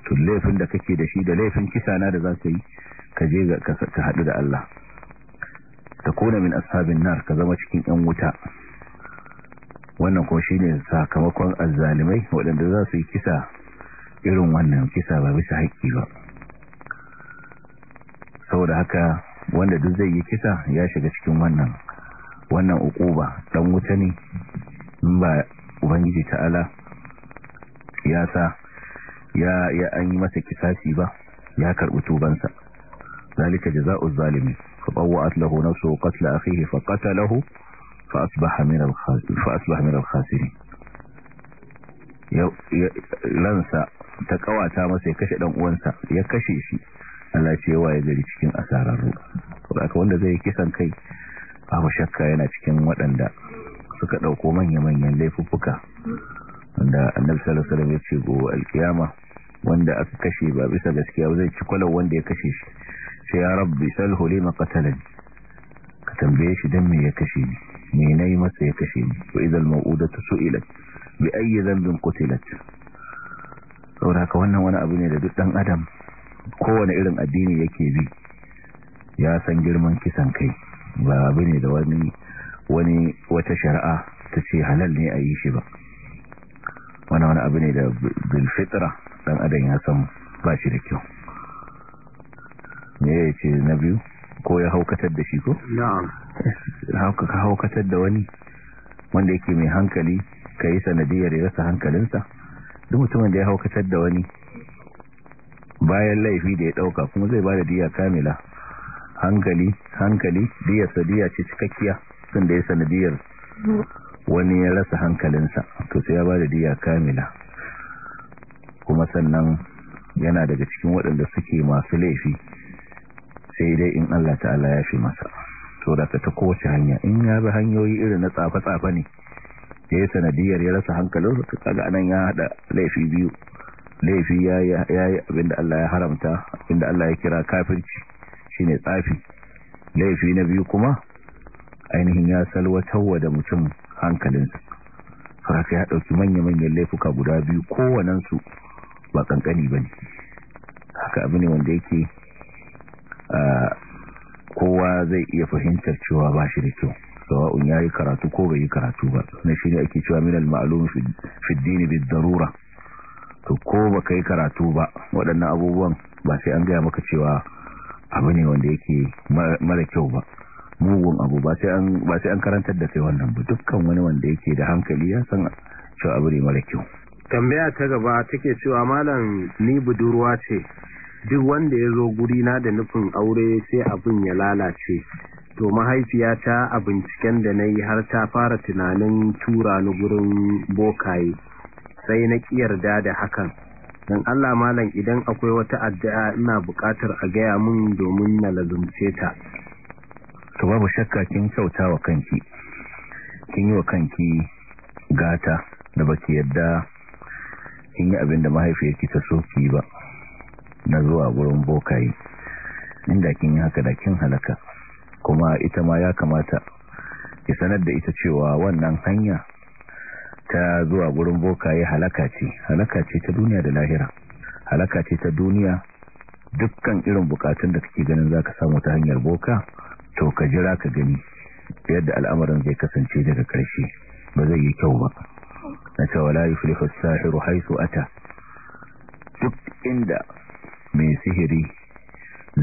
تل ليفن دكك دشيد ليفن كسانا دذاكي ka je ka haɗu da Allah ta kone min ashabin nar ka zama cikin yan wuta wannan ko shine sakamakon azzalimai waɗanda za su yi kisa irin wannan kisa ba bisa haƙƙi ba saboda haka wanda duk zai yi kisa ya shiga cikin wannan wannan ba dan wuta ne in ba ubangiji ta'ala ya sa ya an yi masa kisasi ba ya karɓi tubansa ذلك جزاء الظالمين فطوعت له نفسه قتل أخيه فقتله فأصبح من الخاسرين فأصبح من الخاسرين lansa ta ƙawata masa ya kashe ɗan uwansa ya kashe shi Allah cewa ya gari cikin asararru saboda wanda zai kisan kai babu yana cikin waɗanda suka ɗauko manya-manyan laifuffuka da annabi sallallahu ya ce gobe alkiyama wanda aka kashe ba bisa gaskiya ba zai ci kwalar wanda ya kashe shi sai ya rabbi salhu lima qatalan ka tambaye shi dan me ya kashe ni me nayi masa ya kashe ni wa idal mau'udatu su'ilat bi ayyi dhanbin qutilat saboda ka wannan wani abu ne da duk dan adam kowane irin addini yake bi ya san girman kisan kai ba abu ne da wani wani wata shari'a ta ce halal ne a yi shi ba wani wani abu ne da bilfitra dan adan ya san ba shi da kyau ne ya na biyu ko ya haukatar da shi ko? na'am haukatar da wani wanda yake mai hankali ka yi sanadiyar rasa hankalinsa duk mutumin da ya haukatar da wani bayan laifi da ya dauka kuma zai bada da diya kamila hankali hankali diyarsa diya ce cikakkiya sun da ya sanadiyar wani ya rasa hankalinsa to sai ya ba da diya kamila kuma sannan yana daga cikin waɗanda suke masu laifi sai dai in Allah ta'ala ya fi masa to daga ta kowace hanya in ya bi hanyoyi irin na tsafa-tsafa ne ya yi sanadiyar ya rasa hankalin su ga nan ya haɗa laifi biyu laifi ya yi abinda Allah ya haramta abinda Allah ya kira kafirci ne tsafi laifi na biyu kuma ainihin ya salwatarwa da mutum hankalinsu saraka ya ɗauki manya-manyan laifuka guda biyu kowanensu ba ƙanƙani ba ne haka abu ne wanda yake kowa zai iya fahimtar cewa ba shi da kyau sawa'un ya yi karatu ko bai yi karatu ba na shi ne ake cewa minal ma'alum fiddini bi darura to ko ba ka yi karatu ba waɗannan abubuwan ba sai an gaya maka cewa abu ne wanda yake mara kyau ba mugun abu ba sai an karantar da kai wannan ba dukkan wani wanda yake da hankali ya san cewa abu ne mara kyau tambaya ta gaba take cewa malam ni budurwa ce duk wanda ya zo guri na da nufin aure sai abin ya lalace to mahaifiyata a binciken da na yi har ta fara tunanin tura ni gurin bokaye sai na yarda da hakan don Allah malam idan akwai wata addu'a ina buƙatar a gaya mun domin na lazumce ta to babu shakka kin kyauta wa kanki kin yi wa kanki gata da baki yadda kin yi abin da mahaifiyarki ta so ki ba na zuwa gurin bokaye inda kin yi haka da kin halaka kuma ita ma ya kamata ki sanar da ita cewa wannan hanya ta zuwa gurin bokaye halaka ce halaka ce ta duniya da lahira halaka ce ta duniya dukkan irin bukatun da kake ganin zaka samu ta hanyar boka to ka jira ka gani yadda al'amarin zai kasance daga ƙarshe ba zai yi kyau ba na cewa la yuflihu as-sahiru haisu ata duk inda mai sihiri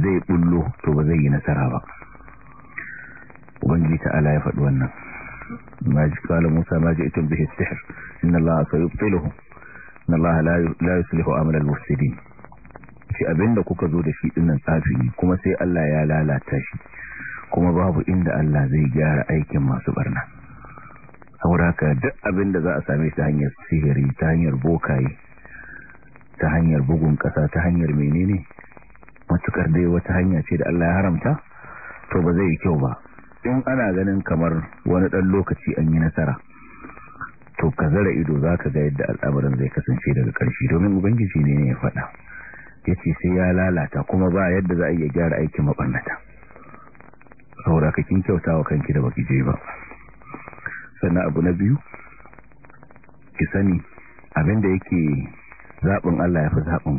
zai bullo to ba zai yi nasara ba ubangiji ta'ala ya faɗi wannan maji kala musa maji itin bihi sihr inna allaha sayubtiluhu inna allaha la yuslihu amal al-mufsidin shi abinda kuka zo da shi dinnan tsafi ne kuma sai Allah ya lalata shi kuma babu inda Allah zai gyara aikin masu barna sauraka duk abin da za a same ta hanyar sihiri ta hanyar bokaye ta hanyar bugun kasa ta hanyar menene matukar dai wata hanya ce da Allah ya haramta to ba zai yi kyau ba in ana ganin kamar wani dan lokaci an yi nasara to ka zara ido za ka ga yadda al'amarin zai kasance daga ƙarshe domin ubangiji ne ya faɗa ya ce sai ya lalata kuma ba yadda za a iya gyara aikin maɓannata saboda ka kyauta wa kanki da baki je ba sannan abu na biyu ki sani abinda yake zaɓin Allah ya fi zaɓin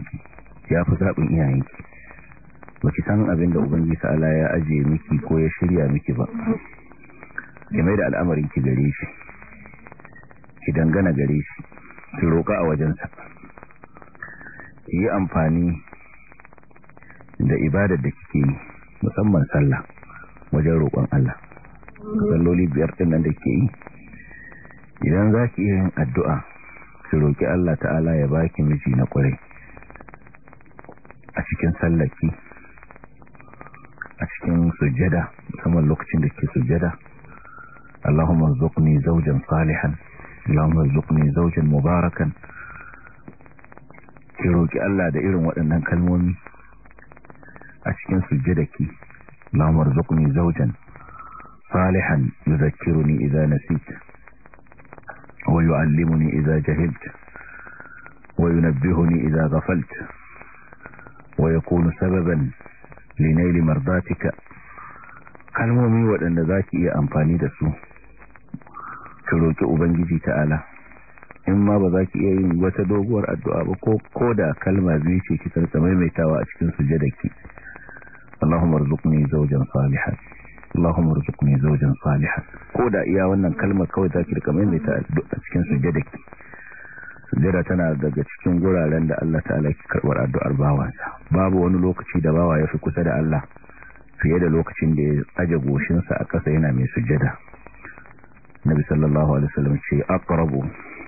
ya fi zaɓin iyayenki ba ki san abinda ubangi ta'ala ya aje miki ko ya shirya miki ba ki mai da al'amarin ki gare shi ki dangana gare shi ki roƙa a wajensa ki yi amfani da ibadar da kike yi musamman sallah wajen roƙon Allah salloli biyar ɗin nan da ke yi idan za ki yin addu'a ki roƙi Allah ta'ala ya baki miji na ƙwarai a cikin sallaki a cikin sujada musamman lokacin da ke sujada Allahumma zuqni zawjan salihan Allahumma zuqni zaujen mubarakan ki roƙi Allah da irin waɗannan kalmomi a cikin sujada ki اللهم ارزقني زوجا صالحا يذكرني إذا نسيت ويعلمني إذا جهلت وينبهني إذا غفلت ويكون سببا لنيل مرضاتك kalmomi waɗanda zaki iya amfani da su ki roƙi ubangiji ta'ala in ma ba za ki iya yin wata doguwar addu'a ba ko da kalma biyu ce ki tarta maimaitawa a cikin sujadaki اللهم ارزقني زوجا صالحا اللهم ارزقني زوجا صالحا ko da iya wannan kalmar kawai zaki kamar mai ta a cikin ki sujjada tana daga cikin guraren da Allah ta'ala ke karbar addu'ar bawansa babu wani lokaci da bawa ya fi kusa da Allah fiye da lokacin da ya aje goshinsa a ƙasa yana mai sujjada nabi sallallahu alaihi wasallam ce aqrabu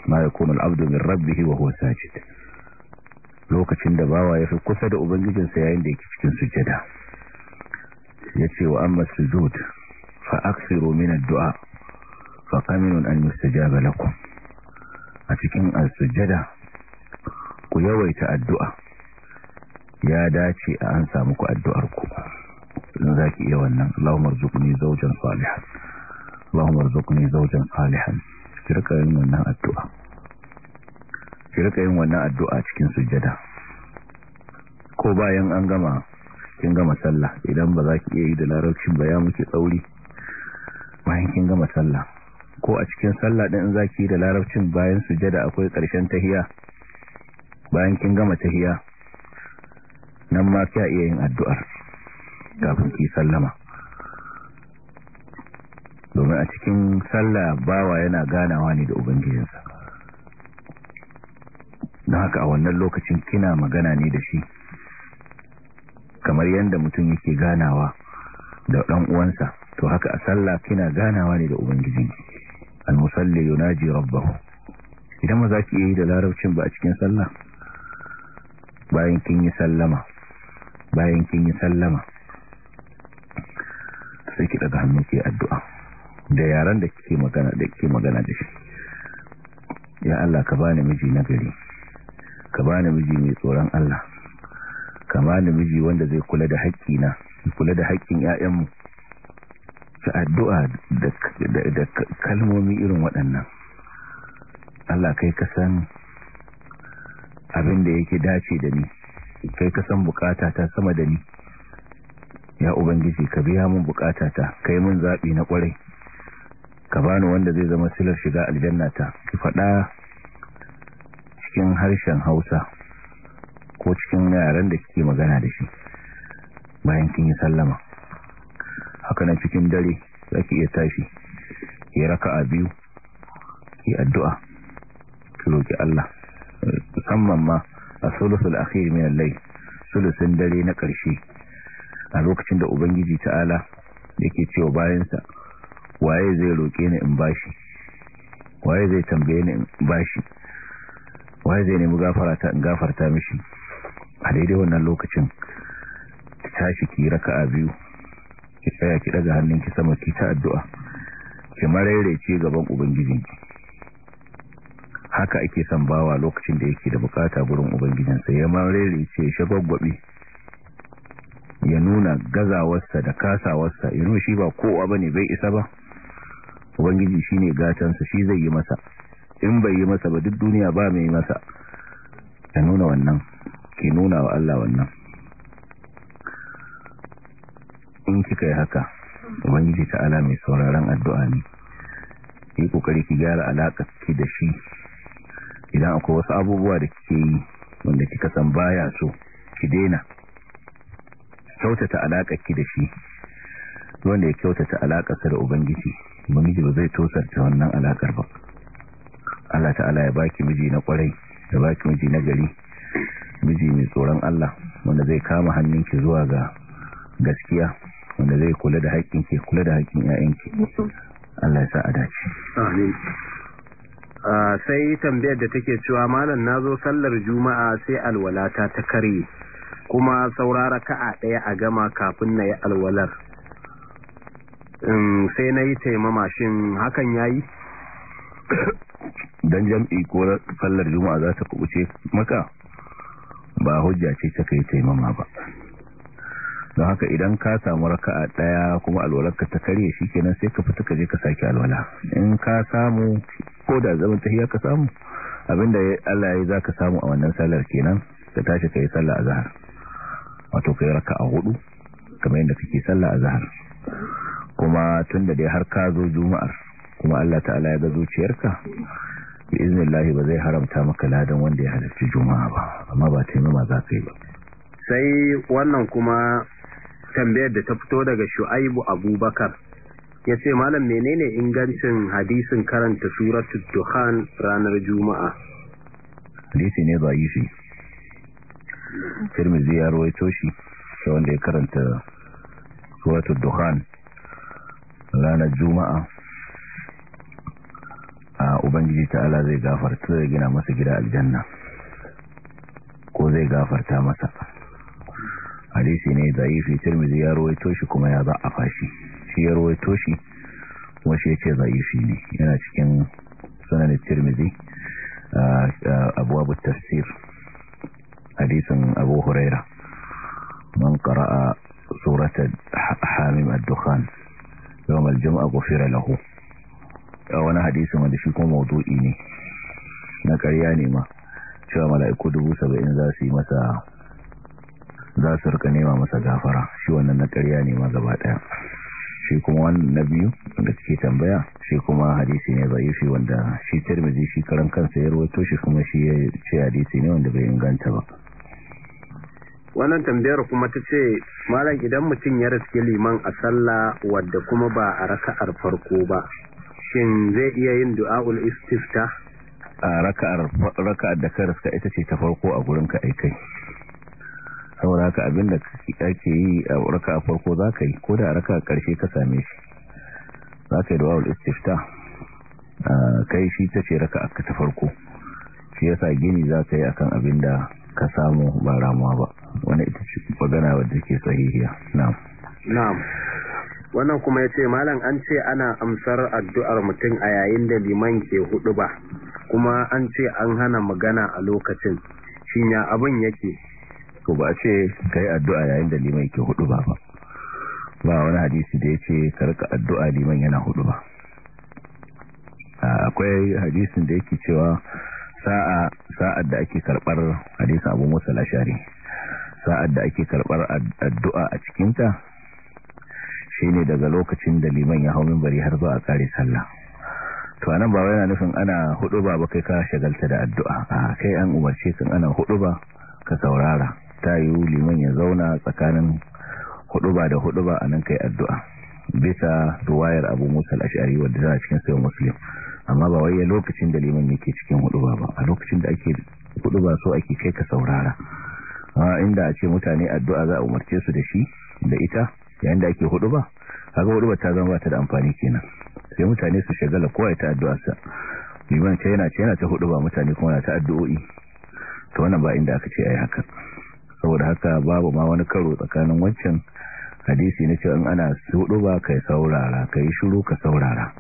ma yakunu al-abdu min rabbih wa huwa sajid lokacin da bawa ya fi kusa da ubangijinsa yayin da yake cikin sujada. ya ce wa amma sujud fa aksiru min du'a fa qaminun an jaga lakon a cikin sujada ku yawaita addu'a ya dace a an samu ku addu'ar ku in ki iya wannan lahumar zukuni zaujan salihan lahumar zukuni salihan yin wannan addu'a kirka yin wannan addu'a cikin sujada ko bayan an gama kin gama sallah idan ba za ki iya yi da larabcin ba ya muke tsauri bayan kin gama sallah ko a cikin sallah din za ki yi da larabcin bayan sujada akwai ƙarshen tahiya bayan kin gama tahiya nan ma kya iya yin addu'ar kafin ki sallama domin a cikin sallah bawa yana ganawa ne da ubangijinsa don haka a wannan lokacin kina magana ne da shi kamar yadda mutum yake ganawa da ɗan uwansa to haka a sallah kina ganawa ne da ubangiji al-musalli yunaji rabbahu idan maza ki yi da larabcin ba a cikin sallah bayan kin yi sallama bayan kin yi sallama sai ki daga hannu ki addu'a da yaran da kike magana da kike magana da shi ya Allah ka bani miji na gari. ka bani miji mai tsoron Allah kama miji wanda zai kula da haƙƙina kula da haƙƙin ƴaƴanmu ta addu'a da kalmomi irin waɗannan Allah kai ka san abin da yake dace da ni kai ka san bukata ta sama da ni ya ubangiji ka biya mun bukata ta kai mun zabi na kwarai ka bani wanda zai zama silar shiga aljanna ta ki fada cikin harshen Hausa ko cikin yaren da kike magana da shi bayan kin yi sallama haka na cikin dare zaki iya tashi ki raka'a biyu ki addu'a ki roki Allah musamman ma a sulusul akhir min al-layl sulusun dare na ƙarshe a lokacin da ubangiji ta'ala yake cewa bayansa waye zai roke ni in bashi waye zai tambaye ni in bashi waye zai nemi gafarata in gafarta mishi a daidai wannan lokacin ki tashi ki raka a biyu ki tsaya ki daga hannunki sama ki ta addu'a ki mararece gaban ubangijinki haka ake san bawa lokacin da yake da bukata gurin ubangijinsa ya mararece shagwagwabe ya nuna gazawarsa da kasawarsa ya nuna shi ba kowa bane bai isa ba ubangiji ne gatansa shi zai yi masa in bai yi masa ba duk duniya ba mai masa ya nuna wannan ki nuna wa Allah wannan in kika yi haka ubangiji ta'ala mai sauraron addu'a ne yi kokari ki gyara alaƙa ki da shi idan akwai wasu abubuwa da kike yi wanda kika san baya so ki daina kyautata alaƙa ki da shi wanda ya kyautata alaƙa sa da ubangiji ubangiji ba zai tosarta wannan alaƙar ba Allah ta'ala ya baki miji na kwarai ya baki miji na gari miji mai tsoron Allah wanda zai kama hannunki zuwa ga gaskiya wanda zai kula da haƙƙinki kula da haƙƙin ƴaƴanki Allah ya sa a dace amin sai tambayar da take cewa malam nazo sallar juma'a sai alwala ta ta kare kuma saurara ka'a daya a gama kafin na yi alwalar sai na yi taimama shin hakan yi. Don jam'i ko sallar juma'a za ta kubuce maka ba hujja ce ta kai taimama ba don haka idan ka samu raka'a daya kuma alwalarka ta karye shikenan sai ka fita ka je ka sake alwala in ka samu ko da zaman tahiyya ka samu abinda Allah ya zaka samu a wannan sallar kenan ka tashi kai sallah azhar wato kai raka'a hudu kamar yadda kake sallah azhar kuma tunda dai har ka zo juma'ar kuma Allah ta'ala ya ga zuciyarka bi iznillahi ba zai haramta maka ladan wanda ya halarci juma'a ba amma ba taimama za ka yi ba sai wannan kuma tambayar da ta fito daga shu'aibu abubakar ya ce malam menene ingancin hadisin karanta suratul duhan ranar juma'a hadisi ne zaifi tirmidhi ya rawaito shi wanda ya karanta suratul duhan ranar juma'a ubangiji ta'ala zai gafarta zai gina masa gida aljanna ko zai gafarta masa hadisi ne zaifi tirmizi ya rawaito shi kuma ya a fashi shi ya ruwai shi kuma shi yace zaifi ne yana cikin tirmizi a abu tafsir hadisin abu huraira man a suratan hamim al dukhan yawon al-jum'a fira lahu a wani hadisi wanda shi kuma mawdu'i ne na ƙarya ne ma cewa mala'iku dubu saba'in za su yi masa za su rika nema masa gafara shi wannan na ƙarya ne ma gaba ɗaya shi kuma wannan na biyu da kike tambaya shi kuma hadisi ne fi wanda shi tirmidhi shi karan kansa ya rawaito shi kuma shi ya ce hadisi ne wanda bai inganta ba wannan tambayar kuma ta ce malam idan mutum ya riske liman a sallah wadda kuma ba a raka'ar farko ba shin zai iya yin du'a'ul istifta a raka'ar da ka ita ce ta farko a gurin ka aikai sau haka abin da yi a raka'a farko za ka yi ko da raka'a karshe ka same shi Za ka yi du'a'ul istifta kai shi ta ce raka'a ka ta farko shi yasa gini ka yi akan abin da ka samu ba ramuwa ba wani ita ce magana wadda ke sahihiya na'am na'am wannan kuma ya ce malam an ce ana amsar addu'ar mutum a yayin da liman ke hudu ba kuma an ce an hana magana a lokacin shi ya abin yake Ko ba ce ka yi addu'a yayin da liman ke hudu ba ba ba wani hadisi da ya ce karka addu'a liman yana hudu ba akwai hadisin da yake cewa sa'ad da ake karbar hadisa abu musa lashari sa'ad da ake karbar addu'a a cikinta shi ne daga lokacin da liman ya hau minbari har zuwa kare sallah to anan ba yana nufin ana hudu ba ba kai ka shagalta da addu'a a kai an umarce kan ana hudu ba ka saurara ta yi liman ya zauna tsakanin hudu ba da hudu ba anan kai addu'a bisa ruwayar abu musal al'ashari wadda a cikin sayan muslim amma ba wai lokacin da liman yake cikin huduba ba a lokacin da ake ba so ake kai ka saurara inda a ce mutane addu'a za a umarce su da shi da ita yayin da ake hudu ba kaga hudu ba ta zama ba ta da amfani kenan sai mutane su shagala kowa ta addu'a sa liman ce yana ce yana ta hudu ba mutane kuma na ta addu'o'i to wannan ba inda aka ce ai haka saboda haka babu ma wani karo tsakanin wancan hadisi na cewa in ana hudu ba kai saurara kai shiru ka saurara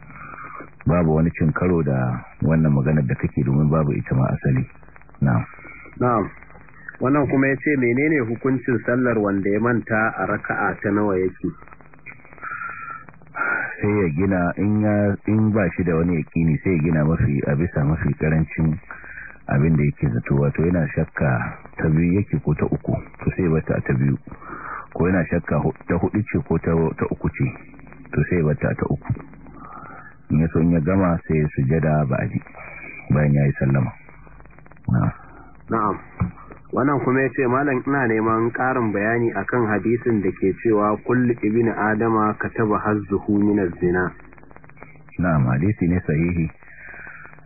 babu wani cin karo da wannan maganar da kake domin babu ita ma asali na'am na'am wannan kuma ya ce menene hukuncin sallar wanda ya manta a raka'a ta nawa yake sai ya gina in ba shi da wani yakini sai ya gina mafi a bisa mafi karancin abin da yake zato wato yana shakka ta biyu yake ko ta uku to sai bata ta biyu ko yana shakka ta hudu ce ko ta uku ce to sai bata ta uku in yaso in ya gama sai su sujada ba aji bayan ya yi sallama na'am wannan kuma ya ce malam ina neman ƙarin bayani akan hadisin da ke cewa kullu ibn adama kataba hazzuhu min az-zina na'am hadisi ne sahihi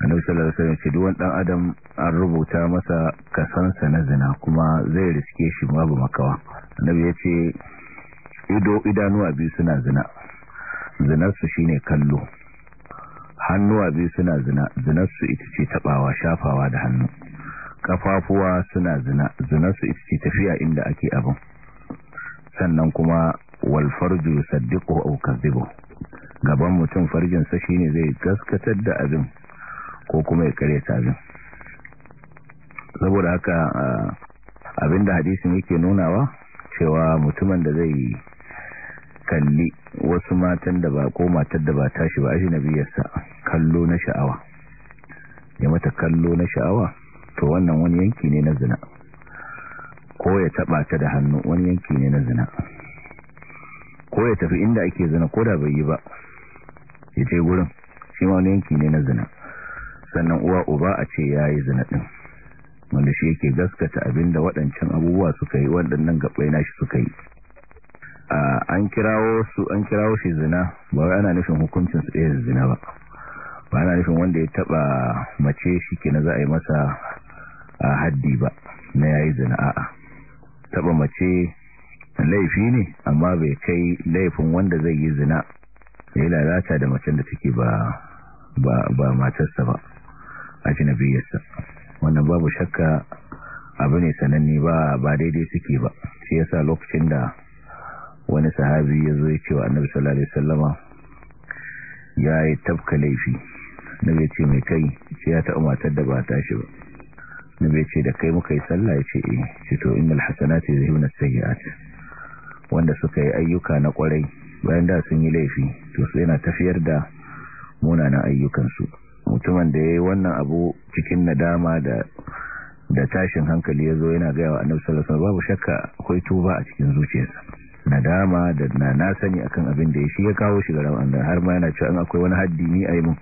annabi sallallahu alaihi wasallam ce duk dan adam an rubuta masa kasansa na zina kuma zai riske shi babu makawa annabi ya ce ido idanuwa biyu suna zina zinarsu shine kallo hannuwa biyu suna zina zinarsu ita ce tabawa shafawa da hannu kafafuwa suna zina zina su ita tafiya inda ake abin sannan kuma walfarju saddiqu aw kadhibu gaban mutum farjinsa shine zai gaskatar da abin ko kuma ya kare abin saboda haka abinda hadisin yake nunawa cewa mutumin da zai kalli wasu matan da ba ko matar da ba tashi ba ajinabiyarsa kallo na sha'awa ya mata kallo na sha'awa to wannan wani yanki ne na zina ko ya taba ta da hannu wani yanki ne na zina ko ya tafi inda ake zina ko da bai yi ba ya je gurin shi ma wani yanki ne na zina sannan uwa uba a ce ya yi zina ɗin wanda shi yake gaskata abin da waɗancan abubuwa suka yi waɗannan gaɓai nashi suka yi an kirawo su an kirawo shi zina ba wai ana nufin hukuncin su ɗaya zina ba ba ana nufin wanda ya taɓa mace shi ke na za a yi masa a haddi ba na yayi zina a'a taba mace laifi ne amma bai kai laifin wanda zai yi zina ya yi lalata da macen da take ba ba ba matarsa ba biyarsa wannan babu shakka abu ne sananne ba ba daidai suke ba shi yasa lokacin da wani sahabi ya zo ya ce wa annabi sallallahu alaihi ya yi tabka laifi na ce mai kai shi ya taɓa matar da ba tashi ba nabi ce da kai muka yi sallah ya ce eh ce to innal hasanati yuzhibun yi sayyiat wanda suka yi ayyuka na kwarai bayan da sun yi laifi to su yana tafiyar da munanan ayyukansu mutumin da ya yi wannan abu cikin nadama da da tashin hankali ya zo yana gaya wa annabi sallallahu alaihi babu shakka akwai tuba a cikin zuciyarsa nadama da na sani akan abin da ya shi ya kawo shi ga rawan har ma yana cewa in akwai wani haddi ni ayi mun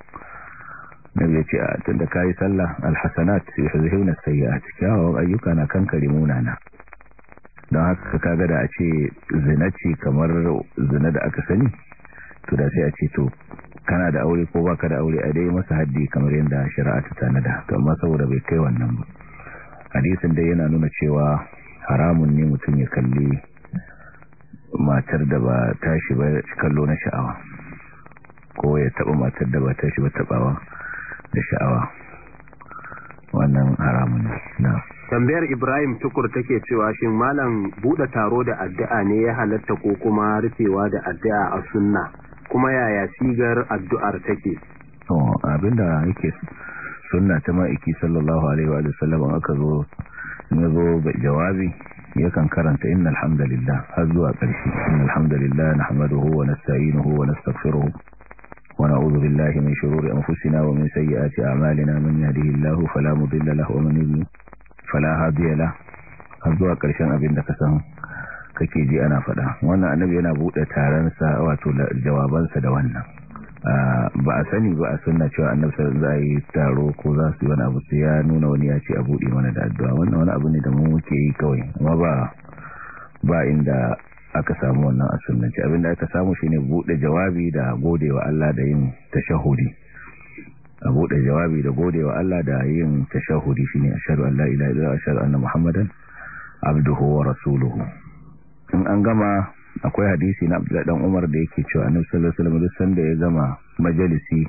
nabi ya ce a tun da kayi sallah alhassanat ya zuhimna sayyi'at kyawawan ayyuka na kan kankare munana don haka ka kaga da a ce zina kamar zina da aka sani to da sai a ce to kana da aure ko baka da aure a dai masa haddi kamar yadda shari'a ta tanada to amma saboda bai kai wannan ba hadisin dai yana nuna cewa haramun ne mutum ya kalli matar da ba tashi ba kallo na sha'awa ko ya taba matar da ba tashi ba tabawa da sha'awa wannan haramun na tambayar ibrahim tukur take cewa shin malam buɗe taro da addu'a ne ya halatta ko kuma rufewa da addu'a a sunna kuma yaya sigar addu'ar take to abinda yake sunna ta maiki sallallahu alaihi wa sallam aka zo ne zo jawabi yakan karanta innal hamdalillah har zuwa ƙarshe innal hamdalillah nahmaduhu wa nasta'inuhu wa nastaghfiruh ونعوذ بالله من شرور أنفسنا ومن سيئات أعمالنا من يهده الله فلا مضل له ومن يضلل فلا هادي له zuwa ƙarshen abin da ka san kake ji ana faɗa wannan annabi yana buɗe taronsa wato jawabansa da wannan ba a sani ba a sunna cewa annabi za a yi taro ko za su yi wani abu sai ya nuna wani ya ce a buɗe mana da addu'a wannan wani abu ne da mu muke yi kawai kuma ba ba inda aka samu wannan asunanci Abin abinda aka samu shine bude jawabi da godewa Allah da yin tashahudi a bude jawabi da wa Allah da yin tashahudi a ashhadu an la ila illallah ashhadu anna muhammadan abduhu wa rasuluhu in an gama akwai hadisi na Abdullah dan Umar da yake cewa Annabi sallallahu alaihi wasallam duk sanda ya gama majalisi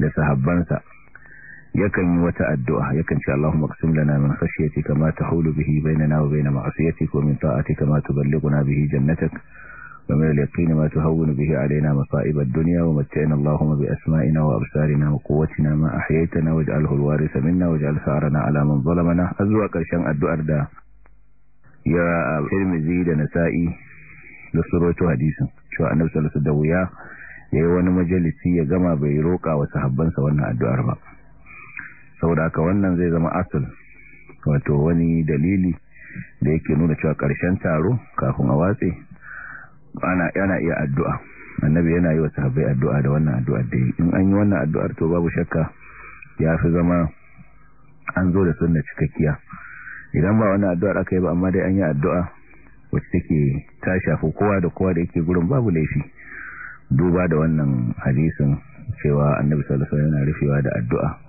da sahabbansa yakan yi wata addu'a yakan ce Allahumma qsim lana min khashyatika ma tahulu bihi bainana wa bain ma'siyatik wa min ta'atika ma tuballighuna bihi jannatak wa min al-yaqini ma tuhawwinu bihi alaina masa'ib ad-dunya wa mat'ina Allahumma bi asma'ina wa absarina wa quwwatina ma ahyaytana waj'alhu al-waritha minna waj'al sa'rana ala man zalamana azwa karshen addu'ar da ya Tirmidhi da Nasa'i da suratu hadisin cewa Annabi sallallahu alaihi wasallam da wuya yayi wani majalisi ya gama bai roƙa wa sahabbansa wannan addu'ar ba saboda haka wannan zai zama asul wato wani dalili da yake nuna cewa karshen taro kafin a watse ana yana iya addu'a annabi yana yi wa sahabbai addu'a da wannan addu'a da in an yi wannan addu'ar to babu shakka ya fi zama an zo da sunna cikakkiya idan ba wannan addu'ar aka yi ba amma dai an yi addu'a wacce take ta shafi kowa da kowa da yake gurin babu laifi duba da wannan hadisin cewa annabi sallallahu alaihi wasallam yana rufewa da addu'a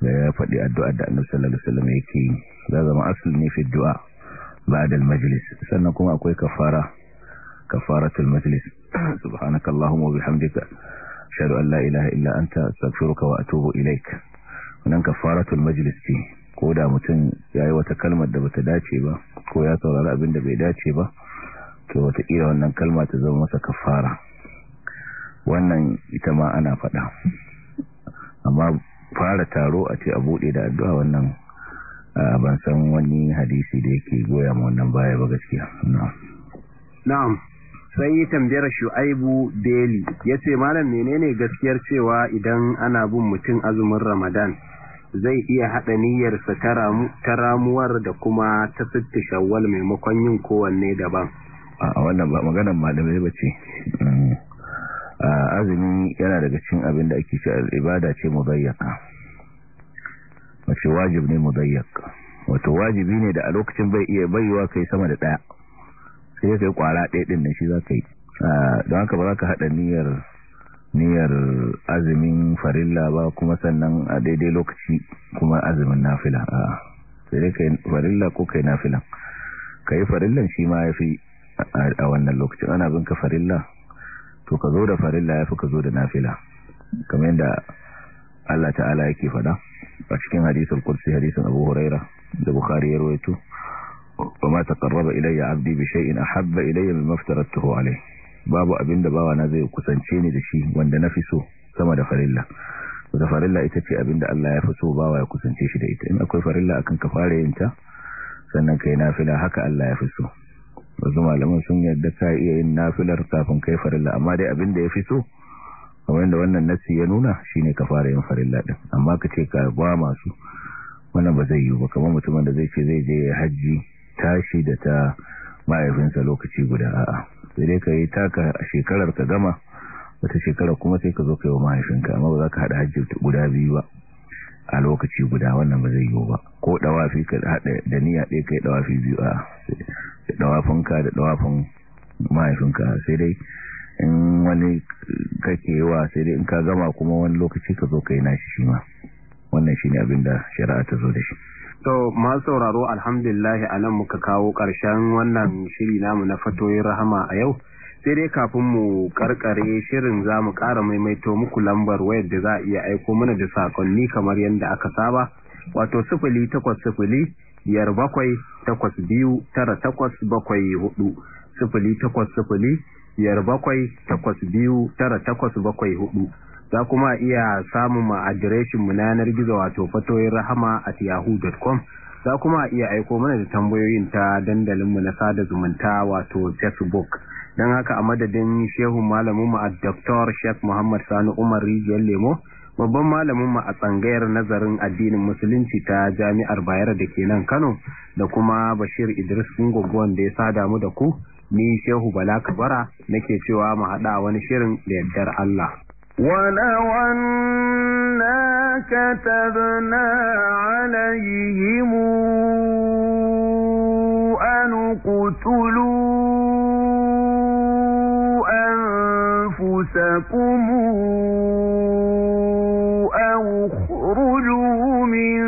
da ya faɗi addu'ar da annabi sallallahu alaihi wasallam yake yi za zama asali ne fi du'a ba'da al-majlis sannan kuma akwai kafara kafaratul majlis (clears throat) subhanakallahumma wa bihamdika ashhadu an ilaha illa anta astaghfiruka wa atubu ilaik wannan kafaratul majlis ce ko da mutum yayi wata kalmar da bata dace ba ko ya saurari abin da bai dace ba to wata iya wannan kalma ta zama masa kafara wannan ita ma ana faɗa amma fara taro a ce a buɗe da addu'a wannan ban san wani hadisi da yake goya ma wannan baya ba gaskiya na'am sai tambayar shu'aibu beli ce malam menene gaskiyar cewa idan ana bin mutum azumin ramadan zai iya haɗa niyyarsa ta ramuwar da kuma ta sitti shawwal maimakon yin kowanne daban a wannan ba maganar malamai ba ce mm. azumi yana daga cikin abin da ake cewa ibada ce mudayyaka wace wajib ne mudayyak wato wajibi ne da a lokacin bai iya baiwa kai sama da daya sai kai kwara daya din nan shi zaka yi don haka ba za ka hada niyyar niyyar azumin farilla ba kuma sannan a daidai lokaci kuma azumin nafila a sai kai farilla ko kai nafila kai farillan shi ma yafi a wannan lokacin ana bin farilla to ka zo da farilla ya fi ka zo da nafila kamar yadda Allah ta'ala yake faɗa a cikin hadisul kursi hadisin Abu Huraira da Bukhari ya rawaito وما تقرب إلي عبدي بشيء أحب إلي مما افترضته عليه babu abinda da bawana zai kusance ni da shi wanda na fi so sama da farilla da farilla ita ce abinda da Allah ya fi so bawa ya kusance shi da ita in akwai farilla akan ka fara yin ta sannan kai nafila haka Allah ya fi so wasu malaman sun yarda ka iya yin nafilar kafin kai farilla amma dai abin da ya fi so kamar wanda wannan nasi ya nuna shine ka fara yin farilla din amma ka ce ka ba masu wannan ba zai yi ba kamar mutumin da zai ce zai je ya hajji tashi da ta mahaifinsa lokaci guda a'a sai dai ka yi taka a shekarar ka gama wata shekarar kuma sai ka zo ka wa mahaifinka amma ba za ka haɗa hajji guda biyu ba a lokaci guda wannan ba zai yiwu ba ko dawafi ka hada da niyya ɗaya kai dawafi biyu a dawafinka da dawafin mahaifinka sai dai in wani kake yawa sai dai in ka gama kuma wani lokaci ka zo ka yi nashi shi ma wannan shi ne abin da shari'a ta zo da shi to masu sauraro alhamdulillah a nan muka kawo ƙarshen wannan shiri namu na fatoyin rahama a yau sai dai kafin mu karkare shirin za mu kara maimaito muku lambar wayar da za a iya aiko mana da sakonni kamar yadda aka saba wato sifili takwas sifili biyar bakwai takwas biyu tara takwas bakwai hudu sifili takwas sifili biyar bakwai takwas biyu tara takwas bakwai hudu za kuma iya samun ma adireshin mu na gizo wato fatoyin rahama at yahoo.com za kuma iya aiko mana da tambayoyin ta dandalinmu na sada zumunta wato facebook don haka a madadin shehu malamin mu a Dr. Sheikh Muhammad Sani Umar Rijiyar Lemo babban malamin mu a tsangayar nazarin addinin musulunci ta Jami'ar Bayero da ke nan Kano da kuma Bashir Idris Ngogwon da ya sada mu da ku ni Shehu Bala Kabara nake cewa mu hada wani shirin da yardar Allah ولو كتبنا عليهم أن قتلوا أَبَاءَكُمْ أَوْ اخْرُجُوا مِنْ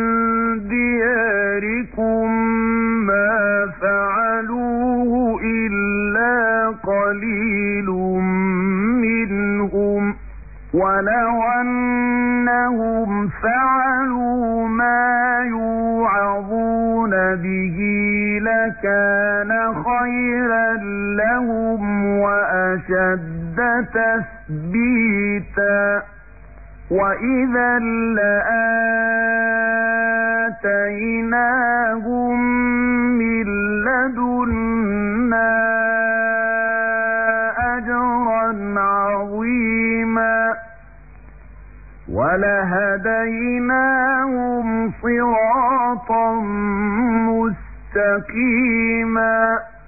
دِيَارِكُمْ مَا فَعَلُوهُ إِلَّا قَلِيلٌ مِنْهُمْ وَلَوْ أَنَّهُمْ فَعَلُوا مَا يُوعَظُونَ بِهِ لَكَانَ خَيْرًا لَهُمْ وَأَشَدَّ تثبيتا وإذا لآتيناهم من لدنا أجرا عظيما ولهديناهم صراطا مستقيما